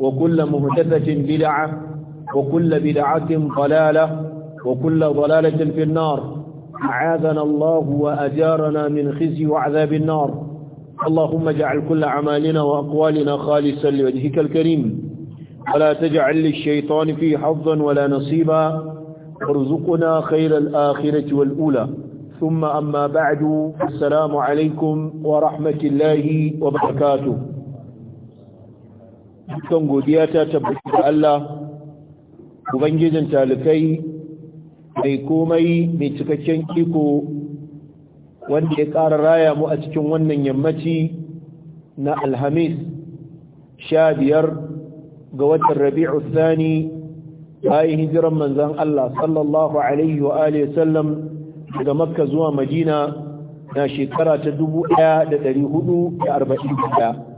وكل مهتدة بدعة وكل بدعة ضلالة وكل ضلالة في النار أعاذنا الله وأجارنا من خزي وعذاب النار اللهم اجعل كل عمالنا وأقوالنا خالصا لوجهك الكريم ولا تجعل للشيطان فيه حظا ولا نصيبا ارزقنا خير الآخرة والأولى ثم أما بعد السلام عليكم ورحمة الله وبركاته dukkan godiya ta tabbata da Allah ubangijin talikai mai komai mai cikakken iko wanda ya ƙara raya mu a cikin wannan yammaci na alhamis sha biyar ga watan rabi'u sani bayan hijiran manzan Allah sallallahu alaihi wa alihi sallam daga makka zuwa madina na shekara ta da da 1441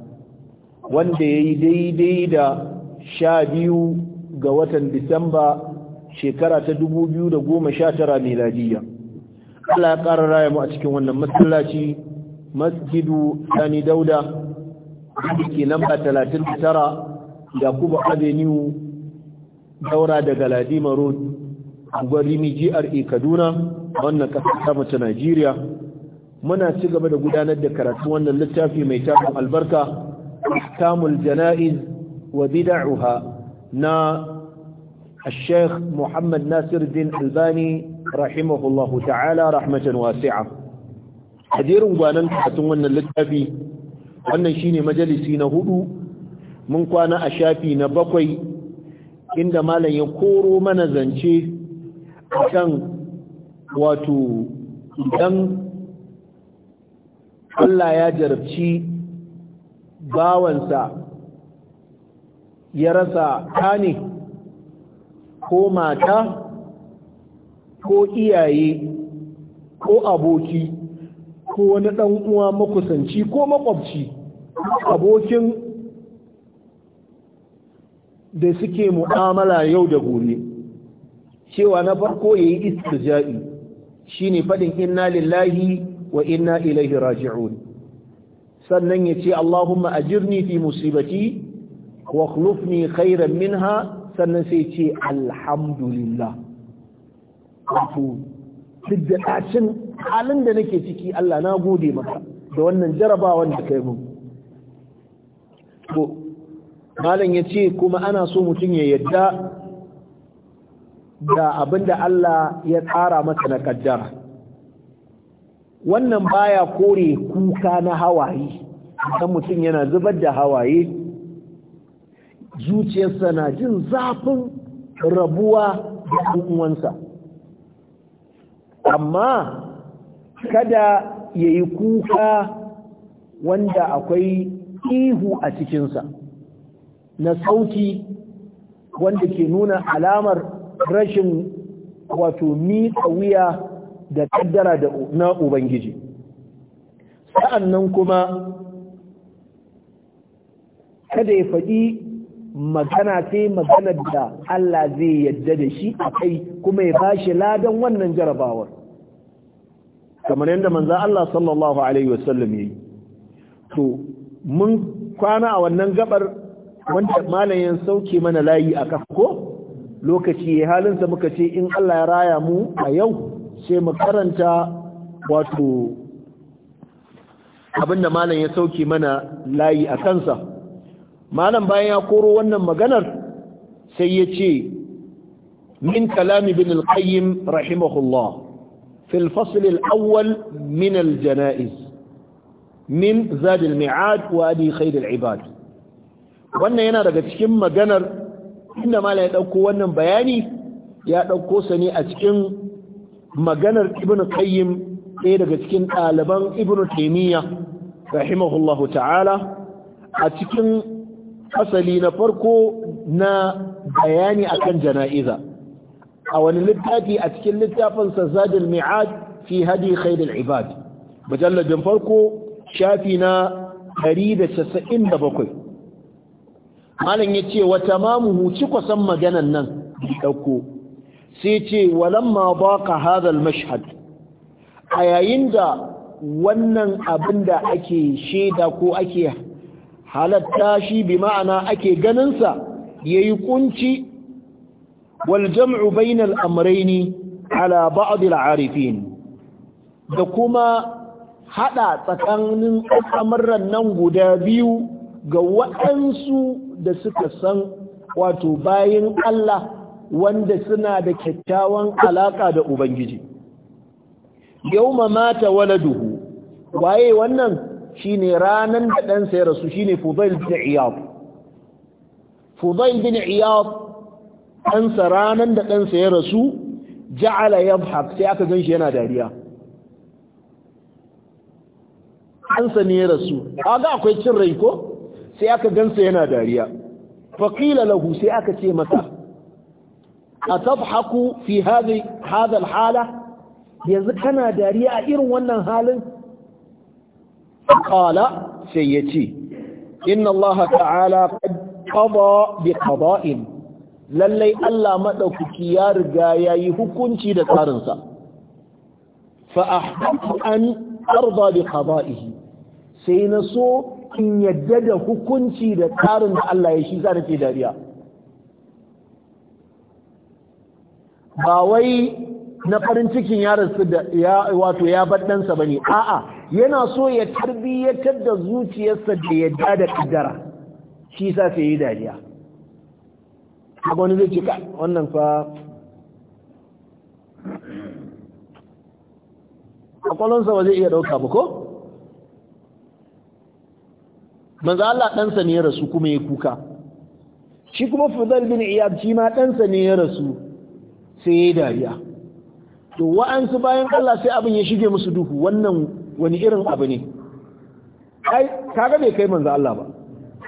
wanda ya yi daidai da sha biyu ga watan disamba shekara ta dubu biyu da goma sha tara meladiya Allah ya ƙara raya mu a cikin wannan masallaci masjidu sani dauda da ke lamba talatin da tara da kuma avenue daura daga ladima road unguwar rimi kaduna wannan ƙasar ta mace najeriya muna ci gaba da gudanar da karatu wannan littafi mai tafin albarka احكام الجنائز وبدعها نا الشيخ محمد ناصر الدين الباني رحمه الله تعالى رحمه واسعه حضير وانا كاتون wannan littafi wannan shine majalisi na hudu mun kwana a shafi na bakwai inda malan ya koro mana zance akan wato idan Allah ya jarabci bawansa ya rasa kani ko mata ko iyaye ko aboki ko wani ɗan uwa makusanci ko makwabci abokin da suke mu'amala yau da gobe cewa na farko ya yi istirja'i shine faɗin inna lillahi wa inna ilaihi raji'un sannan ya ce Allahumma ajirni fi musibati wa khulufni khairan minha sannan sai ce alhamdulillah wato duk da ɗacin halin da nake ciki Allah na gode maka da wannan jarabawan da kai mun malam ya ce kuma ana so mutum ya yadda da abin da Allah ya tsara masa na kaddara wannan baya kore kuka na hawaye dan mutum yana zubar da hawaye zuciyarsa na jin zafin rabuwa da uwansa amma kada ya yi kuka wanda akwai ihu a cikinsa na sauti wanda ke nuna alamar rashin wato miƙa wuya da kaddara na Ubangiji. Sa'an nan kuma kada ya faɗi magana sai maganar da Allah zai yadda da shi a kai kuma ya bashi ladan wannan jarabawar kamar yadda manzo Allah sallallahu alaihi wasallam yi. to mun kwana a wannan gabar wanda malayen sauke mana layi a kafa ko lokaci ya halinsa muka ce in Allah ya raya mu a yau sai mu karanta wato abinda malam ya sauke mana layi a kansa malam bayan ya koro wannan maganar sai ya ce min kalami bin alƙayyim rahimahullah fil fasl al'awwal min aljana'iz min zadil mi'ad wa adi khair al'ibad wannan yana daga cikin maganar inda malam ya ɗauko wannan bayani ya ɗauko sa ne a cikin maganar ibn qayyim ɗaya daga cikin ɗaliban ibn taimiyya rahimahullahu ta'ala a cikin asali na farko na bayani akan jana'iza a wani littafi a cikin littafin sazadul mi'ad fi hadi khairul ibad mujalladin farko shafi na 197 malam yace wa tamamuhu ci kusan maganan nan dauko sai ce walamma baqa hadha al-mashhad a yayin da wannan abin da ake sheda ko ake halatta shi bi ma'ana ake ganinsa ya yi kunci waljam'u bainal amraini ala ba'adil arifin da kuma hada tsakanin al'amuran nan guda biyu ga waɗansu da suka san wato bayan Allah wanda suna da kyakkyawan alaka da Ubangiji. Yau mata waladuhu, waye wannan shine ranan da ɗansa ya rasu shine Fudail bin Iyad Fudail bin Iyad ɗansa ranan da ɗansa ya rasu ja'ala yadhhak sai aka ganshi yana dariya ɗansa ne ya rasu kaga akwai cin rai ko sai aka gansa yana dariya faqila lahu sai aka ce masa atadhaku fi hadhihi hadha alhala yanzu kana dariya a irin wannan halin kala sai yace inna Allah ta'ala qad qada bi qada'in lallai Allah madaukaki ya riga yayi hukunci da tsarinsa fa ahdathu an arda bi qada'ihi sai na so in yadda da hukunci da tsarin da Allah ya shi za ta ce dariya ba wai na farin cikin yaransu da ya wato ya bar ɗansa bane a'a yana so ya tarbiyyatar da zuciyarsa da ya da kaddara shi sa sai yi dariya a wani zai cika wannan fa akwalonsa ba zai iya ɗauka ba ko manzo Allah ɗansa ne ya rasu kuma ya kuka shi kuma Fudal bin Iyad shi ma ɗansa ne ya rasu sai ya dariya to wa'ansu bayan Allah sai abin ya shige musu duhu wannan wani irin abu ne ai kaga bai kai manzo Allah ba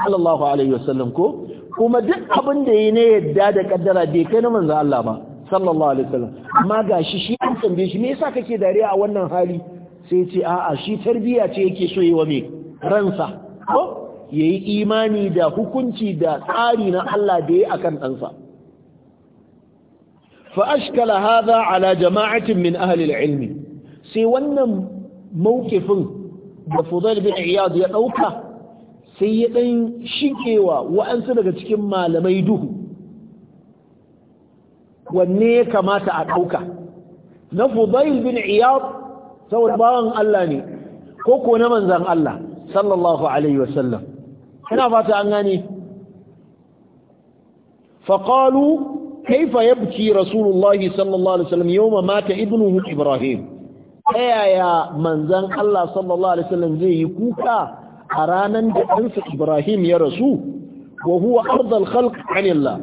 sallallahu alaihi wasallam ko kuma duk abin da yayi ne yadda da kaddara bai kai na manzo Allah ba sallallahu alaihi wasallam amma gashi shi an tambaye shi me yasa kake dariya a wannan hali sai ya ce a'a shi tarbiya ce yake so yi wa me ransa ko yayi imani da hukunci da tsari na Allah da yayi akan ɗansa. فأشكل هذا على جماعة من أهل العلم سيوانا موقف بفضيل بن عياض يقوك سيئن شكيوا وأنسلك تكما لميده wanne kamata a ɗauka na fudail bin iyad saboda bawan Allah ne ko ko na manzan Allah sallallahu alaihi wasallam fata an gane faqalu kaifa yabki rasulullahi sallallahu alaihi wasallam yawma mata ibnuhu ibrahim yaya manzan Allah sallallahu alaihi wasallam zai yi kuka a ranan da ɗansa ibrahim ya rasu wa huwa ardal khalq anillah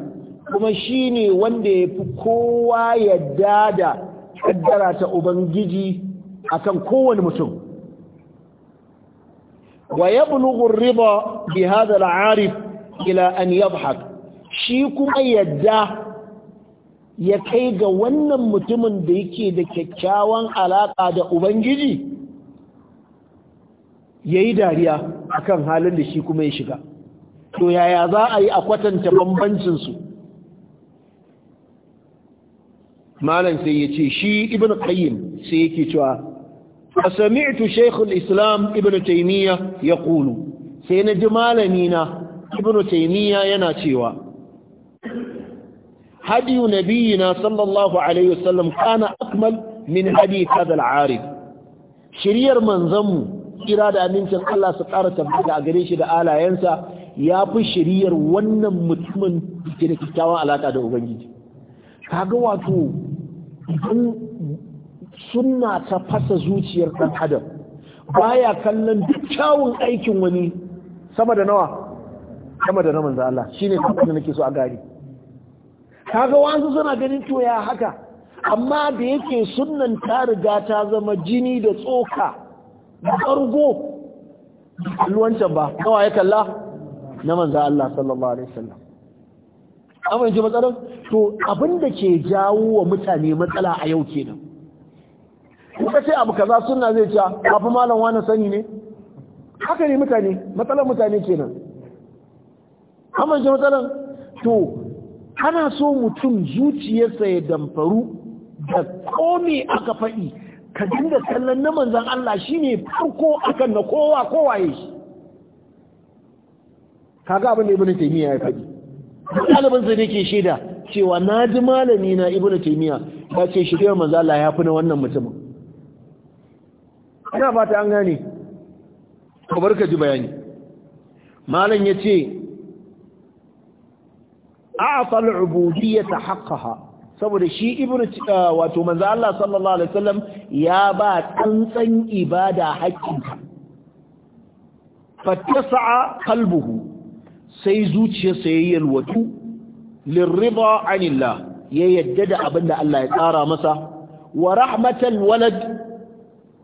kuma shine wanda ya fi kowa yadda da kaddara ta ubangiji akan kowane mutum wa yablughu ar riba bi hadha al-arif ila an yadhhak shi kuma yadda ya kai ga wannan mutumin da yake da kyakkyawan alaƙa da ubangiji ya yi dariya a kan halin da shi kuma ya shiga to yaya za a yi a kwatanta bambancinsu malam sai ya ce shi ibn qayyim sai yake cewa asami'tu Shekul islam ibn ya kulu sai na ji malamina ibn yana cewa هدي نبينا صلى الله عليه وسلم كان أكمل من هدي هذا العارف شرير من ذمه إرادة من سن الله سقارة تبقى أقريش دا آلا ينسى يابو شرير ونن متمن كنا كتاوى على تعدى أبنجي kaga إذن سنة sunna زوتي fasa حدا بايا adam baya kallon duk kyawun aikin wani sama da nawa sama da na manzo Allah kaga wanzu suna ganin to ya haka amma da yake sunnan ta riga ta zama jini da tsoka da argo wancan ba kawa ya kalla na manza Allah sallallahu alaihi wasallam amma yanzu matsalar to abin da ke jawo wa mutane matsala a yau kenan kuka ce abu kaza sunna zai ta kafi malam wani sani ne haka ne mutane matsalar mutane kenan amma yanzu matsalar to ana so mutum zuciyarsa ya damfaru da kome aka faɗi ka dinga kallon na manzan Allah shi ne farko akan na kowa kowa ya shi kaga abin da ibnu taymiya ya faɗi ɗalibin sa ke shaida cewa na ji malami na ibnu taymiya ya ce shirya manzan Allah ya fi na wannan mutumin ina ta an gane ka bar ka ji bayani malam ya ce a'ta al-ubudiyyata saboda shi ibnu wato manzo Allah sallallahu alaihi wasallam ya ba tsantsan ibada haƙƙinta fattasa'a qalbuhu sai zuciyarsa yayi yalwatu lirrida anillah ya yadda da abinda Allah ya tsara masa wa rahmatal walad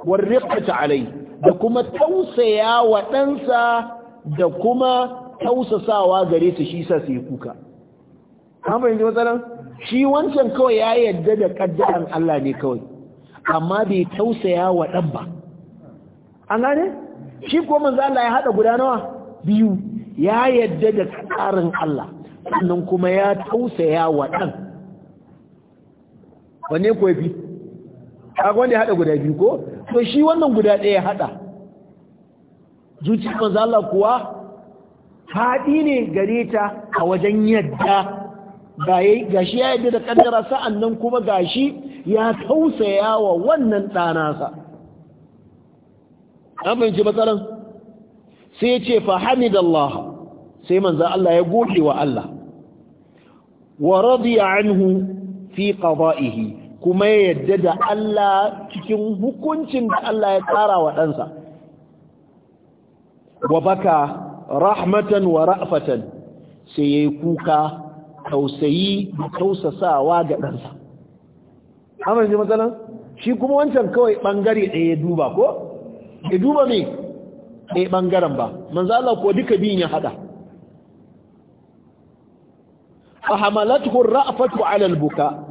warriqata alai da kuma tausaya wa ɗansa da kuma tausasawa gare shi sa sai kuka an fahimci matsalar? shi wancan kawai ya yadda da kaddaran Allah ne kawai amma bai tausaya wa ɗan ba an gane shi ko manzo Allah ya hada guda nawa biyu ya yadda da tsarin Allah sannan kuma ya tausaya wa ɗan wanne ko yafi kaga wanda ya hada guda biyu ko to shi wannan guda ɗaya ya hada zuciyar manzo Allah kuwa faɗi ne gare ta a wajen yadda ga gashi ya yi da kaddara sa'an nan kuma gashi ya tausaya wa wannan ɗanasa an fahimci matsalan sai ce fa Allah sai manza Allah ya goge wa Allah wa radiya anhu fi qada'ihi kuma ya yarda da Allah cikin hukuncin da Allah ya tsara wa ɗansa wa baka rahmatan wa ra'fatan sai yi kuka tausayi da tausasawa ga ɗansa amma ji matsalan shi kuma wancan kawai ɓangare ɗaya duba ko ya duba ne ɗaya ɓangaren ba Allah ko duka biyun ya haɗa fahamalatu ra'fatu ra'afatu alal buka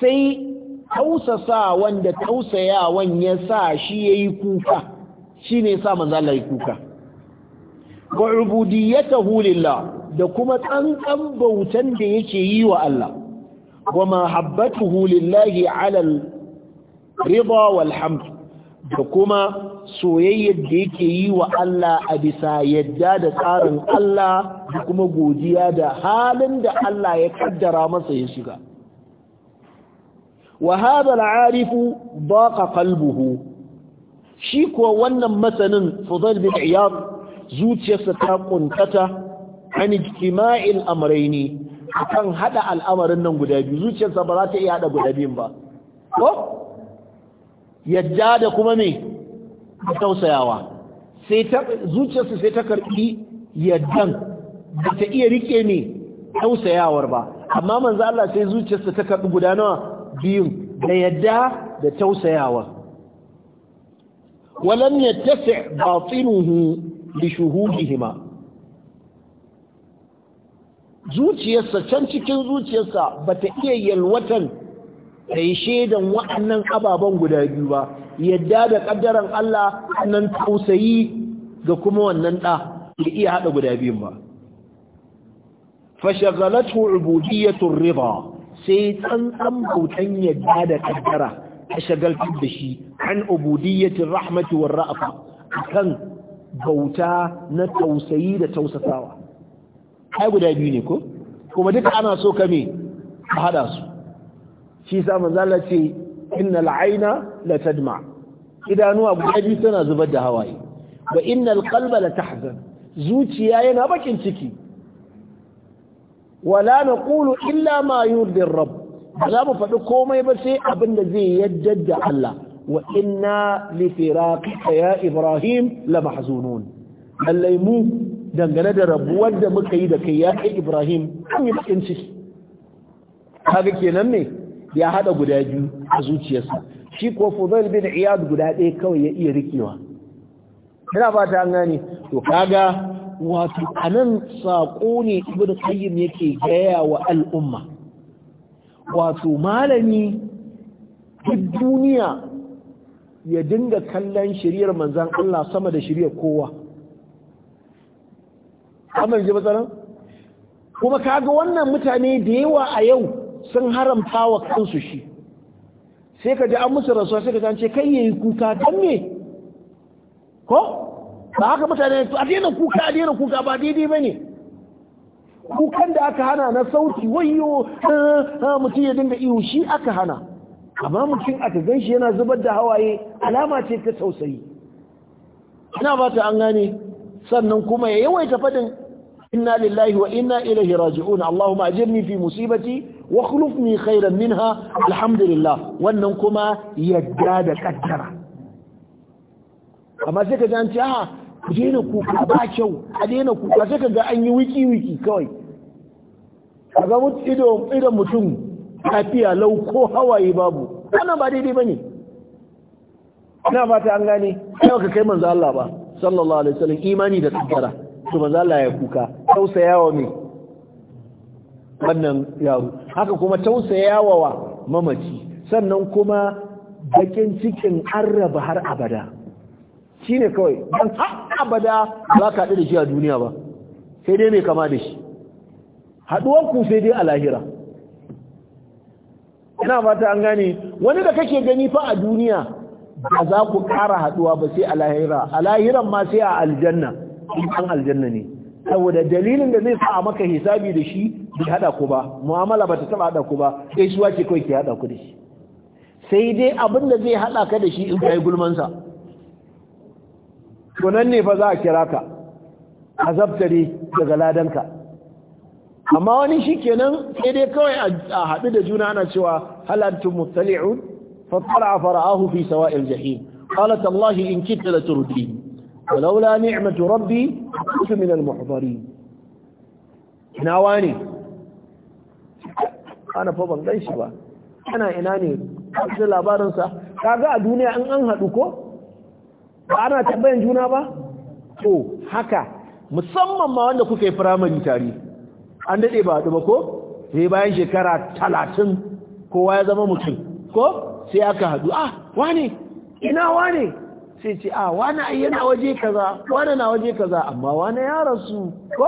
sai tausasa wanda tausayawan ya sa shi ya yi kuka shine sa manzo Allah yi kuka wa ubudiyatahu lillah da kuma tsantsan bautan da yake yi wa Allah wa mahabbatuhu lillahi alal riba wal hamd da kuma soyayyar da yake yi wa Allah a bisa yadda da tsarin Allah da kuma godiya da halin da Allah ya kaddara masa ya shiga wa hadha al-arifu daqa shi kuwa wannan masanin Fudayl bin Iyad zuciyarsa ta ƙuntata. an ijtima'il amrayni akan hada al'amarin nan guda biyu zuciyarsa ba za ta iya hada guda biyun ba ko yadda da kuma me tausayawa sai ta zuciyarsa sai ta karbi yaddan ba ta iya rike ne tausayawar ba amma manzo Allah sai zuciyarsa ta karbi guda nawa biyun da yadda da tausayawa walam yattasi batinuhu li shuhudihima zuciyarsa can cikin zuciyarsa ba ta iya yalwatan ta yi shaidan waɗannan ababen guda biyu ba yadda da ƙaddaran Allah nan tausayi ga kuma wannan ɗa da iya haɗa guda biyun ba fashagalathu ubudiyyatur riba sai tsantsan bautan yadda da ƙaddara a shagaltar da shi an ubudiyyatir rahmati war kan bauta na tausayi da tausasawa ai guda biyu ne ko kuma duka ana so ka me ka hada su shi sa manzo Allah ce innal ayna la tadma idanuwa guda biyu tana zubar da hawaye wa innal qalba la tahzan zuciya yana bakin ciki wala naqulu illa ma yurdi rabb za mu faɗi komai ba sai abin da zai yadda da Allah wa inna li firaqika ya ibrahim la mahzunun lallai mu dangane da rabuwar da muka yi da kai ya kai ibrahim an yi bakin ciki kaga kenan ne ya hada guda biyu a zuciyarsa shi ko fudail bin iyad guda ɗaya kawai ya iya rikewa ina fata an gane to kaga wato anan sako ne ibn qayyim yake gaya wa al'umma wato malami duk duniya ya dinga kallon shiriyar manzan Allah sama da shiriyar kowa amma yanzu matsalan kuma kaga wannan mutane da yawa a yau sun haramta wa kansu shi sai ka ji an musu rasuwa sai ka ji an ce kai yayi kuka dan me ko ba haka mutane to a daina kuka a daina kuka ba daidai bane kukan da aka hana na sauti wayo mutum ya dinga iyo shi aka hana amma mutum aka gan shi yana zubar da hawaye alama ce ta tausayi ina ba ta an gane sannan kuma ya yawaita faɗin inna lillahi wa inna ilaihi raji'un Allahumma ajirni fi musibati wakuluf khulufni khairan minha alhamdulillah wannan kuma yadda da kaddara amma sai ka ce a ku daina kuka ba kyau a daina kuka sai ka ga an yi wiki wiki kawai a ga ido idan mutum lafiya lau ko hawaye babu wannan ba daidai bane ina fata an gane kai ka kai Manzala ba sallallahu alaihi wasallam imani da kaddara to manzo Allah ya kuka tausayawa mai wannan yaro haka kuma tausayawa wa mamaci sannan kuma bakin cikin arraba har abada shi ne kawai don har abada za ka haɗu da shi a duniya ba sai dai mai kama da shi ku sai dai a lahira ina fata an gane wani da kake gani fa a duniya ba za ku ƙara haɗuwa ba sai a lahira a lahiran ma sai a aljanna in aljanna ne saboda dalilin da zai sa a maka hisabi da shi bai hada ku ba mu'amala ba ta taba hada ku ba sai shi wace kawai ke hada ku da shi sai dai abin da zai hada ka da shi in kai gulman sa to nan ne fa za a kira ka azabtare daga ladanka amma wani shikenan sai dai kawai a haɗu da juna ana cewa halartun mutali'un fa fara fara'ahu fi sawa'il jahim qalat allahi in kitta la turdini ولولا نعمة ربي كنت من المحضرين ina wane ana fa ganshi ba ana ina ne da labarinsa kaga a duniya in an haɗu ko ba ana tabbayan juna ba to haka musamman ma wanda kuka yi firamare tare an daɗe ba hadu ba ko sai bayan shekara talatin kowa ya zama mutum ko sai aka haɗu ah wane ina wane sai ce a ah, wani ai yana waje kaza wani na waje kaza amma wani ya rasu ko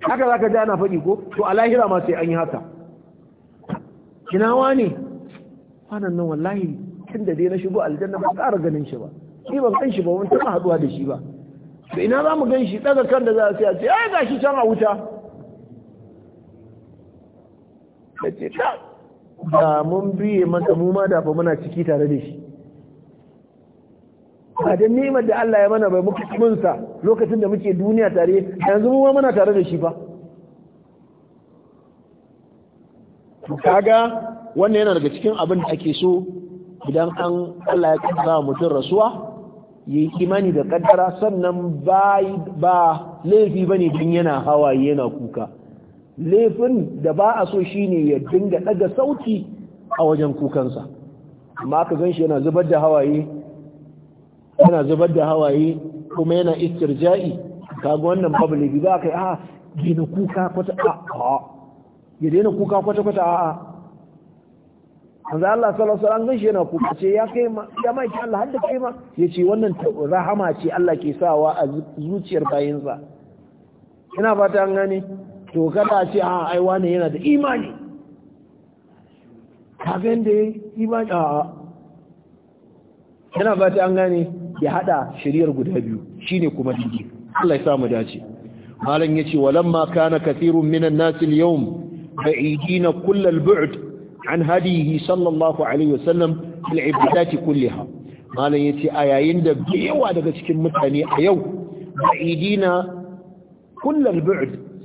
haka zaka ji ana faɗi ko to a lahira ma sai an yi haka kina wani wannan nan wallahi tun da dai na shigo aljanna ba ƙara ganin shi ba ni ban kan shi ba mun taɓa haɗuwa da shi ba to ina za mu gan shi daga kan da za a a ce ai gashi can a wuta da ce ta da mun biye masa mu ma da ba muna ciki tare da shi ba da nimar da Allah ya mana bai muka lokacin da muke duniya tare yanzu mu mana tare da shi fa kaga wannan yana daga cikin abin da ake so idan an Allah ya kaddara mutum rasuwa yi imani da kaddara sannan ba laifi ba ne don yana hawaye yana kuka laifin da ba a so shine ya dinga daga sauti a wajen kukansa amma aka gan shi yana zubar da hawaye yana zubar da hawaye kuma yana ja'i kaga wannan public za ka yi a gina kuka kwata a ya daina kuka kwata kwata a manzo Allah sallallahu alaihi shi yana kuka ce ya kai ma ya maiki Allah hada kai ma yace wannan rahama ce Allah ke sawa a zuciyar bayinsa yana fata an gani to kada ce a aiwa ne yana da imani kagan da imani a yana fata an gani. ya hada shiriyar guda biyu shine kuma dide Allah ya samu dace malan yace walamma kana kathirun minan nas al-yawm ba'idina kull al-bu'd an hadihi sallallahu alaihi wasallam fil ibadati kullaha malan yace a yayin da yawa daga cikin mutane a yau ba'idina kull al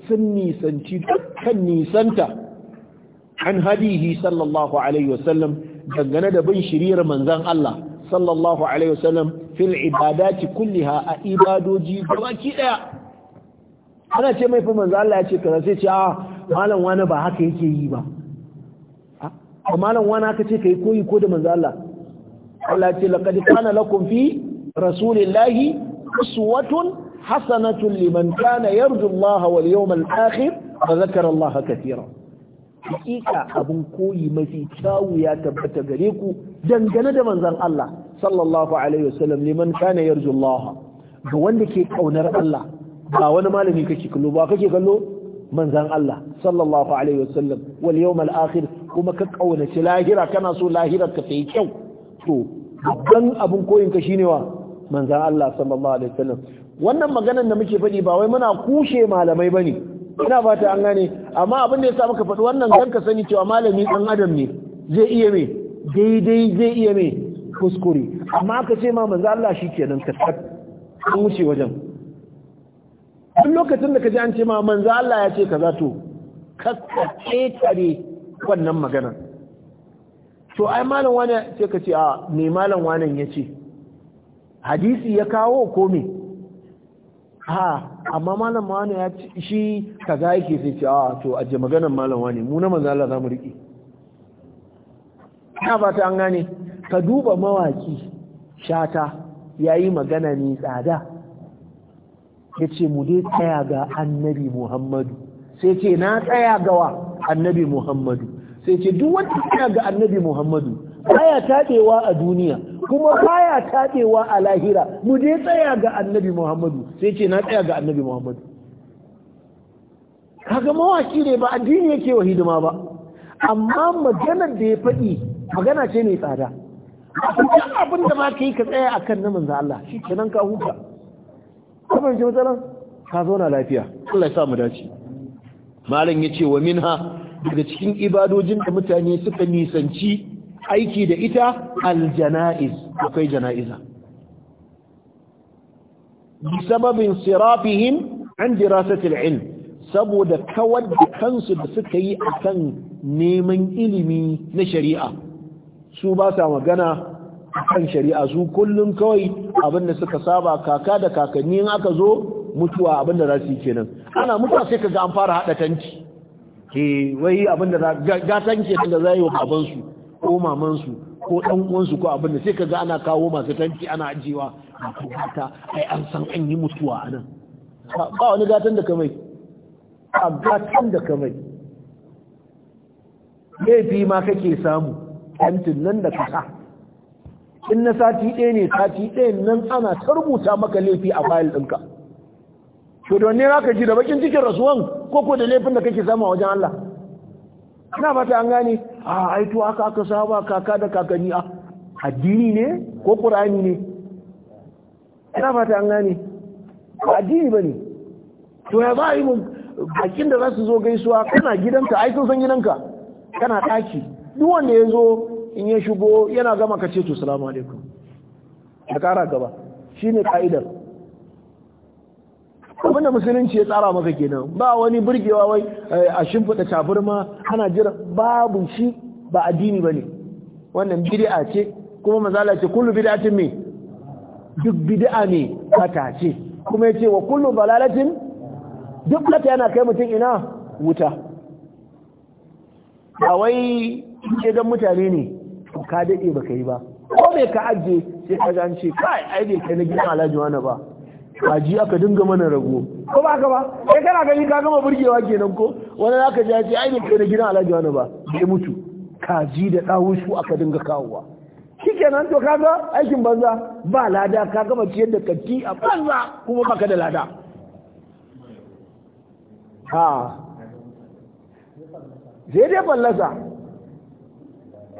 sun nisanci dukkan nisanta an hadihi sallallahu alaihi wasallam dangane da bin shiriyar manzon Allah sallallahu alaihi wasallam fil ibadati kulliha a ibadoji gabaki daya ana ce mai fa manzo Allah ya ce kaza sai ce a ah, malam wani ba haka yake yi ba ah, a malam wani aka ce kai koyi ko da manzo Allah Allah ce laqad kana lakum fi rasulillahi uswatun hasanatun liman kana yarju Allah wal yawmal akhir wa dhakara Allah katira hakika abun koyi mafi kyawu ya tabbata gare ku dangane da manzon Allah sallallahu alaihi wasallam liman kana yarju Allah ga wanda ke kaunar Allah ba wani malami kake kallo ba kake kallo manzan Allah sallallahu alaihi wasallam wal yawm al akhir kuma ka kaunaci lahira kana so lahirar ka tayi kyau to babban abun koyin ka shine wa manzan Allah sallallahu alaihi wasallam wannan maganar da muke faɗi ba wai muna kushe malamai bane ina fata an gane amma abin da yasa muka faɗi wannan dan ka sani cewa malami dan adam ne zai iya me daidai zai iya me kuskure amma ka ce ma manzo Allah shikenan ka an wuce wajen duk lokacin da ka ji an ce ma manzo Allah ya ce kaza to kakka tare wannan magana, to ai malam wani ce ka ce a me malam wani ya ce hadisi ya kawo ko me ha amma malam wani ya ce shi kaza yake sai ce a to aje maganar malam wani mu na manzo Allah zamu riƙe ina ta an gane ka duba mawaki shata ya yi magana mai tsada ya ce mu dai tsaya ga annabi muhammadu sai ce na tsaya gawa annabi muhammadu sai ce duk wanda tsaya ga annabi muhammadu baya taɗewa a duniya kuma baya taɗewa a lahira mu dai tsaya ga annabi muhammadu sai ce na tsaya ga annabi muhammadu kaga mawaki ne ba addini yake wa hidima ba amma maganar da ya faɗi magana ce mai tsada duk abin da ma ka yi ka tsaya a kan namin Allah shi kenan ka huta kamar ji matsalan ka na lafiya Allah ya sa mu dace malam yace wa minha daga cikin ibadojin da mutane suka nisanci aiki da ita aljana'iz akwai jana'iza bi sababin sirafihim an dirasatil ilm saboda kawar da kansu da suka yi akan neman ilimi na shari'a su ba sa magana kan shari'a su kullum kawai abin da suka saba kaka da kakanni in aka zo mutuwa abin da za su yi kenan ana mutuwa sai kaga an fara hada tanki ke wai abin da ga tanki da za yi wa baban su ko maman su ko dan uwan su ko abin da sai kaga ana kawo masu tanki ana ajiyewa a kuma ai an san an yi mutuwa anan ba wani gatan da kamai a gatan da kamai laifi ma kake samu kantin nan da kasa in na sati ɗaya ne sati ɗaya nan ana ta rubuta maka laifi a fayil ɗinka to don ne ka ji da bakin cikin rasuwan ko ko da laifin da kake samu a wajen Allah ina fata an gane a aito haka aka saba kaka da kakanni a addini ne ko qur'ani ne ina fata an gane ba addini bane to ya za a yi mun bakin da za su zo gaisuwa kana gidanka ai sun san gidanka kana ɗaki duk wanda ya zo in ya shigo yana gama ka ce to salamu alaikum da kara gaba shi ne ka'idar abinda musulunci ya tsara maka kenan ba wani burgewa wai eh, a shimfiɗa tafirma ana jira babu shi ba addini ba ne wannan bid'a ce kuma mazala ce kullu bid'atin me duk bid'a ne kata ce kuma yace wa kullu balalatin duk lata yana kai mutum ina wuta ba wai ce don mutane ne to ka daɗe ka yi ba ko mai ka ajiye sai ka ga ce kai ai bai kai na gina alhaji wani ba kaji aka dinga mana rago ko ba ka ba kai kana gani ka gama burgewa kenan ko wani zaka ji ce ai bai kai na gina alhaji wani ba bai mutu ka ji da su aka dinga kawowa kenan to kaga aikin banza ba lada ka gama ciyar da kanti a banza kuma baka da lada ha zai dai ballasa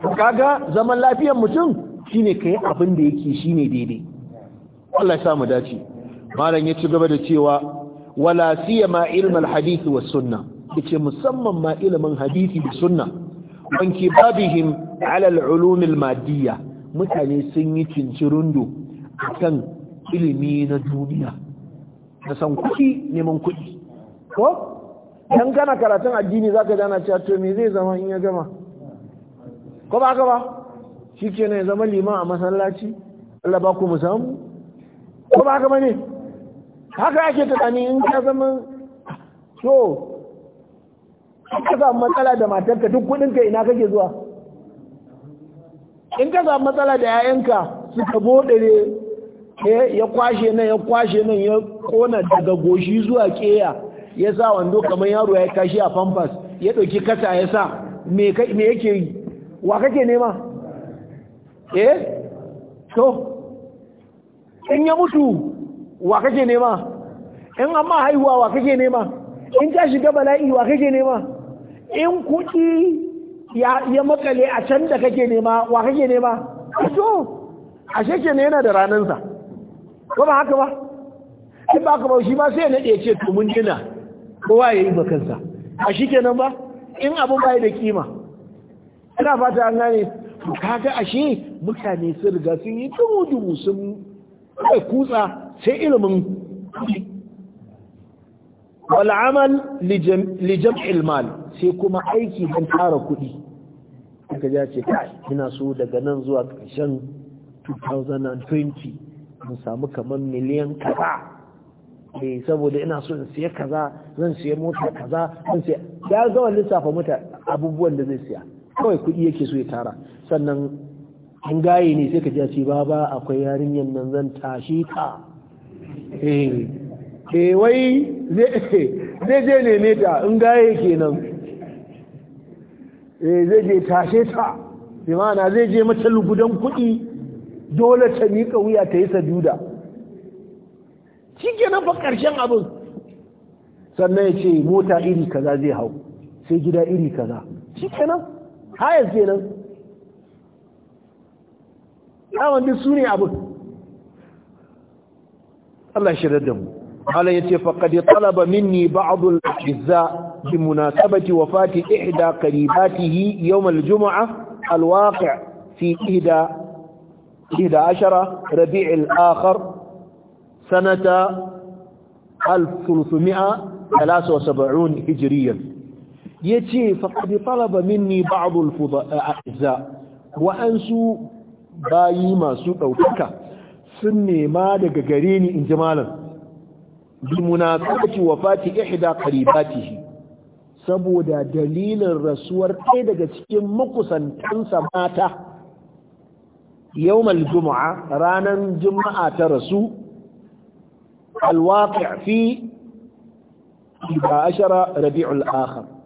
kaga zaman lafiyar mutum shine kai abin da yake shine daidai Allah ya mu dace malam ya ci gaba da cewa wala siyama ilmal hadith was sunnah yace musamman ma ilmin hadisi da sunna wanki babihim ala al-ulum al-madiyya mutane sun yi cincirundo akan ilimi na duniya da san kuɗi neman kuɗi ko dan kana karatun addini zaka dana cewa to me zai zama in ya gama ko ba ka ba shi ke ya zama liman a masallaci Allah ba ku mu samu ko ba ka ba ne haka ake tunani in ka zama to ka samu matsala da matarka duk kudinka ina kake zuwa in ka samu matsala da 'ya'yanka suka bodare eh, ya kwashe nan ya kwashe nan ya kona daga goshi zuwa keya ya sa wando kamar yaro ya kashi a famfas ya ɗauki kasa ya sa me yake yi wa kake nema eh to in ya mutu wa kake nema in amma haihuwa wa kake nema in ta shiga bala'i wa kake nema in kuɗi ya makale a can da kake nema wa kake nema to ashe ke ne yana da ranansa ko ba haka ba in ba ka ba shi sai ya naɗe ce to mun gina kowa ya yi bakansa a shi kenan ba in abin baya da kima ana fata an gane to kaga ashe mutane sun riga sun yi dubu sun kai kutsa sai ilimin wal amal li jam'il mal sai kuma aiki don tara kuɗi kaga ya ce kai ina so daga nan zuwa ƙarshen 2020 mun samu kamar miliyan kaza eh saboda ina so in siya kaza zan siya mota kaza zan siya ya ga lissafa mota abubuwan da zai siya kawai kuɗi yake so ya tara sannan an gaye ne sai ka ji a ce ba ba akwai yarinyar nan zan tashi ka eh, eh wai zai je ne ta in gaye kenan eh zai je tashe ta bi ma'ana zai je mata lugudan kuɗi dole ta miƙa wuya ta yi sajuda shi kenan fa ƙarshen abin sannan ya ce mota iri kaza zai hau sai gida iri kaza shi nan. hayas kenan awon duk su ne abin Allah shirar da mu Allah ya ce faƙaɗi talaba minni ba'adul izza bi munasabati wafati ihda qaribatihi yawm al-jum'a al-waqi' fi ihda ihda ashara rabi' al-akhir sanata 1373 hijriyan yace faqad talaba minni ba'd al-fudha'a wa ansu bayi masu ɗaukaka sun nema daga gare ni in ji malam bi munasabati wafati ihda qaribatihi saboda dalilin rasuwar ɗaya daga cikin makusantansa mata yawmal juma'a ranar juma'a ta rasu alwaqi fi 10 rabi'ul akhir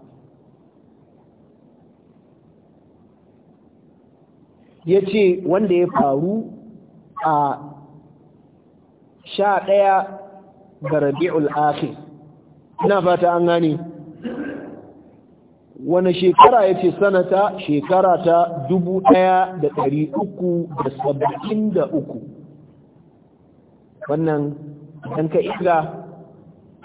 ya ce wanda ya faru a sha ɗaya ga rabi'ul akhir ina fata an gani. wani shekara ya ce sanata shekara ta dubu ɗaya da ɗari uku da saba'in da uku wannan ɗan ka iga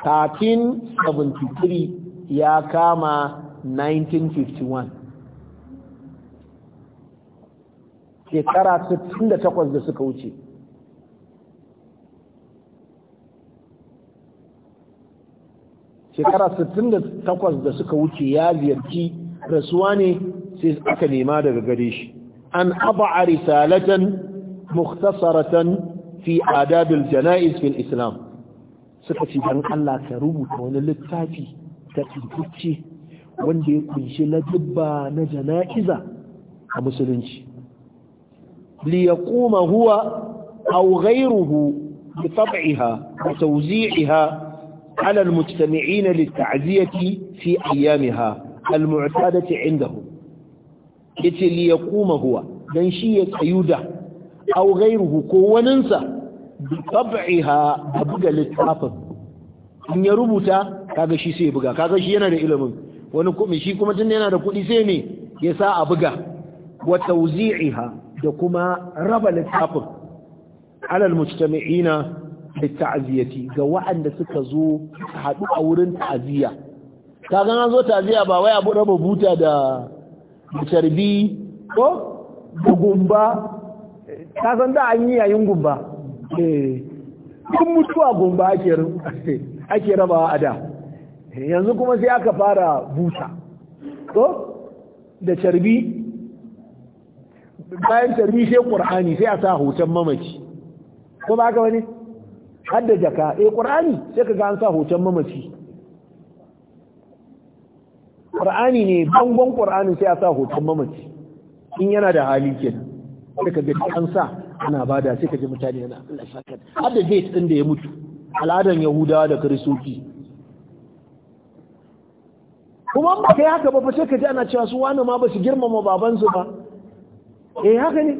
1373 ya kama 1951 shekara 68 da suka wuce shekara 68 da suka wuce ya ziyarci rasuwa ne sai aka nema daga gare shi an aba'a risalatan mukhtasaratan fi adabil janaiz fil islam suka ce dan Allah ka rubuta wani littafi ta tuntuce wanda ya kunshi ladabba na jana'iza a musulunci liyaquma huwa aw ghayruhu bi tab'iha wa tawzi'iha ala almujtami'ina lit'aziyati fi ayyamiha almu'tadati 'indahum yace liyaquma huwa dan shi ya tsayuda aw ghayruhu ko waninsa bi tab'iha da littafin in ya rubuta kaga shi sai buga yana da ilimin wani kuma shi kuma tun yana da kuɗi sai ne ya sa a buga wa tawzi'iha da kuma raba littafin alal mujtami'ina ta'aziyyati ga wa'anda suka zo haɗu a wurin ta'ziya kaga an zo ta'ziya ba wai abu raba buta da carbi ko da gumba ka san da an yi yayin gumba eh mutuwa gumba ake ake rabawa a da yanzu kuma sai aka fara buta ko da carbi bayan tarbi sai qur'ani sai a sa hoton mamaci ko ba ka wani hadda jaka eh qur'ani sai ka ga an sa hoton mamaci qur'ani ne bangon ƙur'ani sai a sa hoton mamaci in yana da hali kenan sai ka ga an sa ana bada sai ka ji mutane yana Allah saka hadda date din da ya mutu al'adan yahudawa da kristoci kuma ba kai haka ba sai ka ji ana cewa su wani ma ba su girmama babansu ba eh haka ne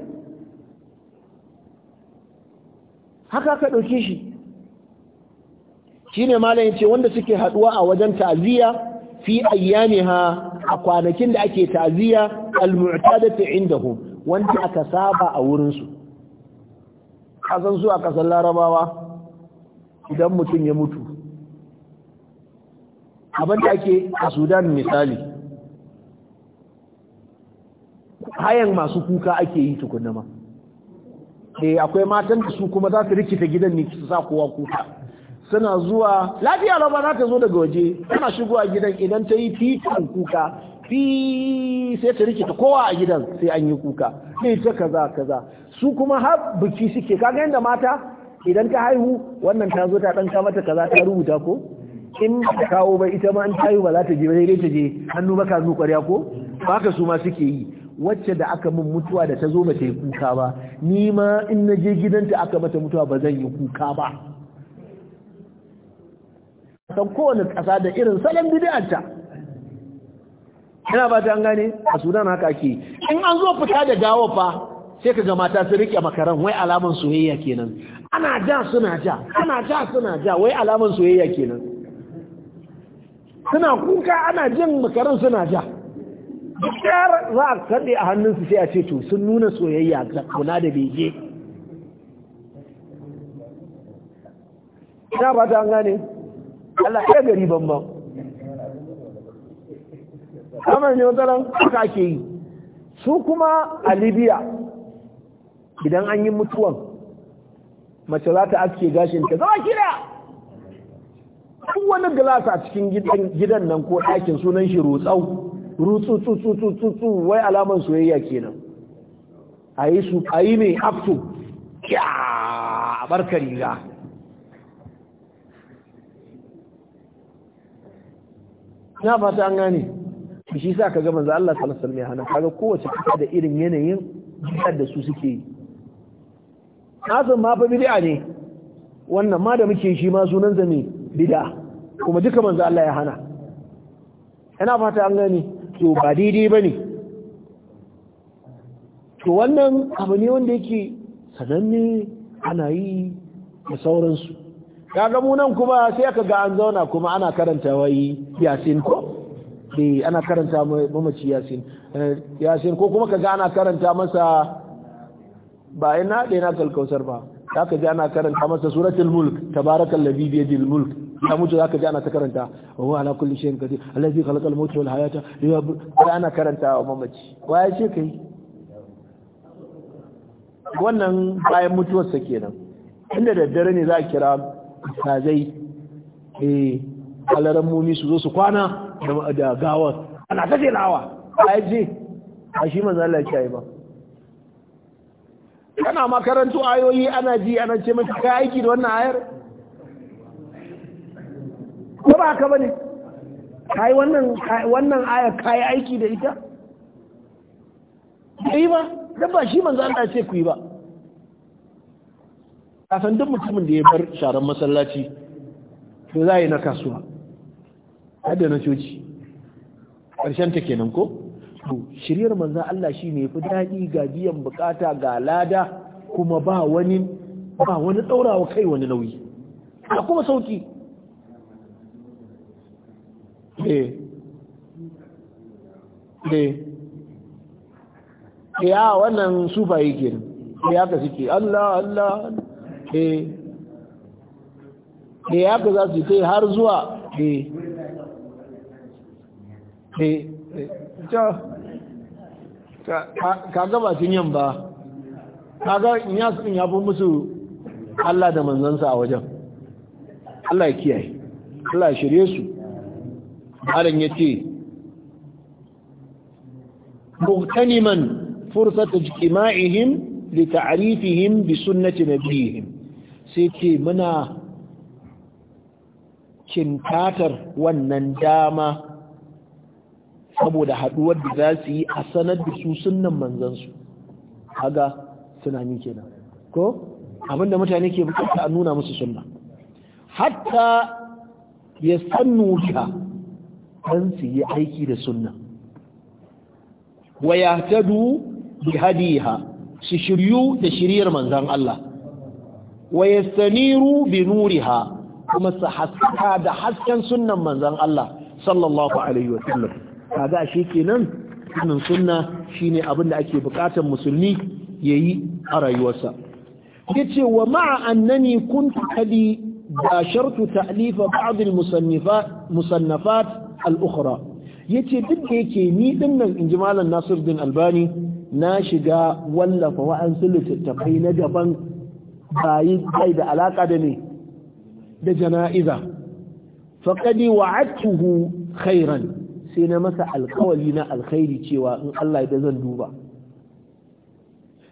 haka ka ɗauki shi shine malamin ce wanda suke haduwa a wajen ta'ziya fi ayyamiha a kwanakin da ake ta'ziya al-mu'tadatu wanda aka saba a wurin su kasan su a kasan larabawa idan mutum ya mutu abin da ake a sudan misali hayan masu kuka ake yi tukunna ma eh akwai matan da su kuma za su rikita gidan ne su sa kowa kuka suna zuwa lafiya ba za ta zo daga waje tana shigowa gidan idan ta yi titin kuka fi sai ta rikita kowa a gidan sai an yi kuka sai ta kaza kaza su kuma har buki suke kaga yanda mata idan ta haihu wannan ta zo ta dan ka mata kaza ta rubuta ko in kawo ba ita ma an tayu ba za ta je ba sai ta je hannu ka zo kwarya ko ka su ma suke yi wacce da aka min mutuwa da ta zo ba ta yi kuka ba ni ma in na je gidanta aka mata mutuwa ba zan yi kuka ba san kowane ƙasa da irin salon bidiyarta ina ba ta gane a sudan haka ake in an zo fita da gawa fa sai ka ga mata su rike makaran wai alaman soyayya kenan ana ja suna ja ana ja suna ja wai alaman soyayya kenan suna kuka ana jin makaran suna ja kyar za a kaɗe a hannunsu sai a ce to sun nuna soyayya ga kuna da bege ina ba ta gane Allah ya gari bambam kamar ne ran haka ke yi su kuma a libya idan an yi mutuwan mace za ta aske gashinta zama kira wani gilasa a cikin gidan nan ko ɗakin sunan shi rotsau rutsutsutsutsu wai alaman soyayya kenan a yi su a yi mai afto ya a barka riga na fata an gane shi sa ka gama za Allah sallallahu alaihi wasallam ya kaga kowace kasa da irin yanayin da su suke yi nasan ma fa bid'a ne wannan ma da muke shi ma sunan zame bid'a kuma duka manzo Allah ya hana ina fata an gani to ba daidai ba ne to wannan abu ne wanda yake sananne ana yi da sauransu ya gamu nan kuma sai aka ga an zauna kuma ana karanta wai yasin ko eh ana karanta mamaci yasin eh, yasin ko kuma kaga ana karanta masa ba ina da na kalkausar ba ka ji ana karanta masa suratul mulk tabarakal ladhi bi mulk ya mutu zaka ji ana ta karanta wa huwa ala kulli shay'in qadir allazi khalaqa al-mauta wal hayata liyabluwakum ana karanta wa mamaci waye ce kai wannan bayan mutuwar sa kenan inda daddare ne za a kira sazai eh alaran mumi su zo su kwana da gawar ana ta tilawa ai ji a shi manzo Allah ya ba kana makarantu ayoyi ana ji ana ce maka kai aiki da wannan ayar ko ba haka bane kai wannan wannan aya kai aiki da ita yi ba dan ba shi manzo Allah ce ku yi ba kafin duk mutumin da ya bar sharan masallaci to za yi na kasuwa hada na coci ƙarshen ta kenan ko to shiryar manzo Allah shine fi daɗi ga biyan bukata ga lada kuma ba wani ba wani daurawa kai wani nauyi a kuma sauki eh eh ya wannan su ba yake ne ya ka suke Allah Allah eh ya eh, ka za su kai har zuwa eh eh, eh. ka gaba sun yin ba kaga ya sun ya fi musu Allah da manzansa a wajen Allah ya kiyaye Allah ya shirye su malam ya ce muhtaniman fursata jima'ihim da ta'arifihim bi sunnati biyihim sai ce muna kintatar wannan dama saboda haduwar da za su yi a sanar da su sunan manzansu haga tunani kenan ko abinda mutane ke bukata a nuna musu sunna hatta ya sannu biha dan su yi aiki da sunna wa yahtadu bi hadiha su shiryu da shiriyar manzan Allah wa yastaniru bi nuriha kuma su haska da hasken sunnan manzan Allah sallallahu alaihi wa sallam kaga shi kenan sunan sunna shine abin da ake bukatar musulmi yayi a rayuwarsa yace wa ma'a annani kuntu kadi bashartu ta'lifa ba'd al-musannafat al-ukhra yace duk da yake ni din nan in ji malam din Albani na shiga wallafa wa'ansu littattafai na gaban bayi kai da alaka da ne da jana'iza faqad wa'adtuhu khairan sai na masa alkawali na alkhairi cewa in Allah ya zan duba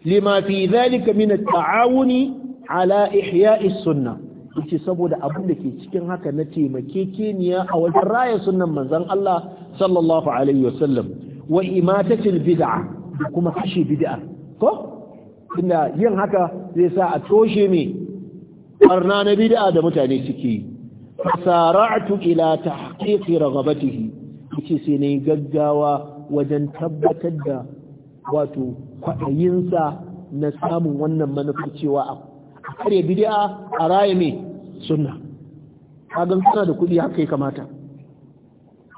lima fi dhalika min at-ta'awuni ala ihya'i sunnah yace saboda abin da ke cikin haka na taimakekeniya a wajen rayar sunnan manzon Allah sallallahu alaihi wasallam wa imatatil bid'a kuma kashe bid'a ko inda yin haka zai sa a toshe me barna na bid'a da mutane suke A fasara'tu ila tahqiqi raghabatihi yace sai nayi gaggawa wajen tabbatar da wato kwaɗayinsa na samun wannan manufar cewa a kare bid'a a raye mai sunna gan kana da kuɗi haka ya kamata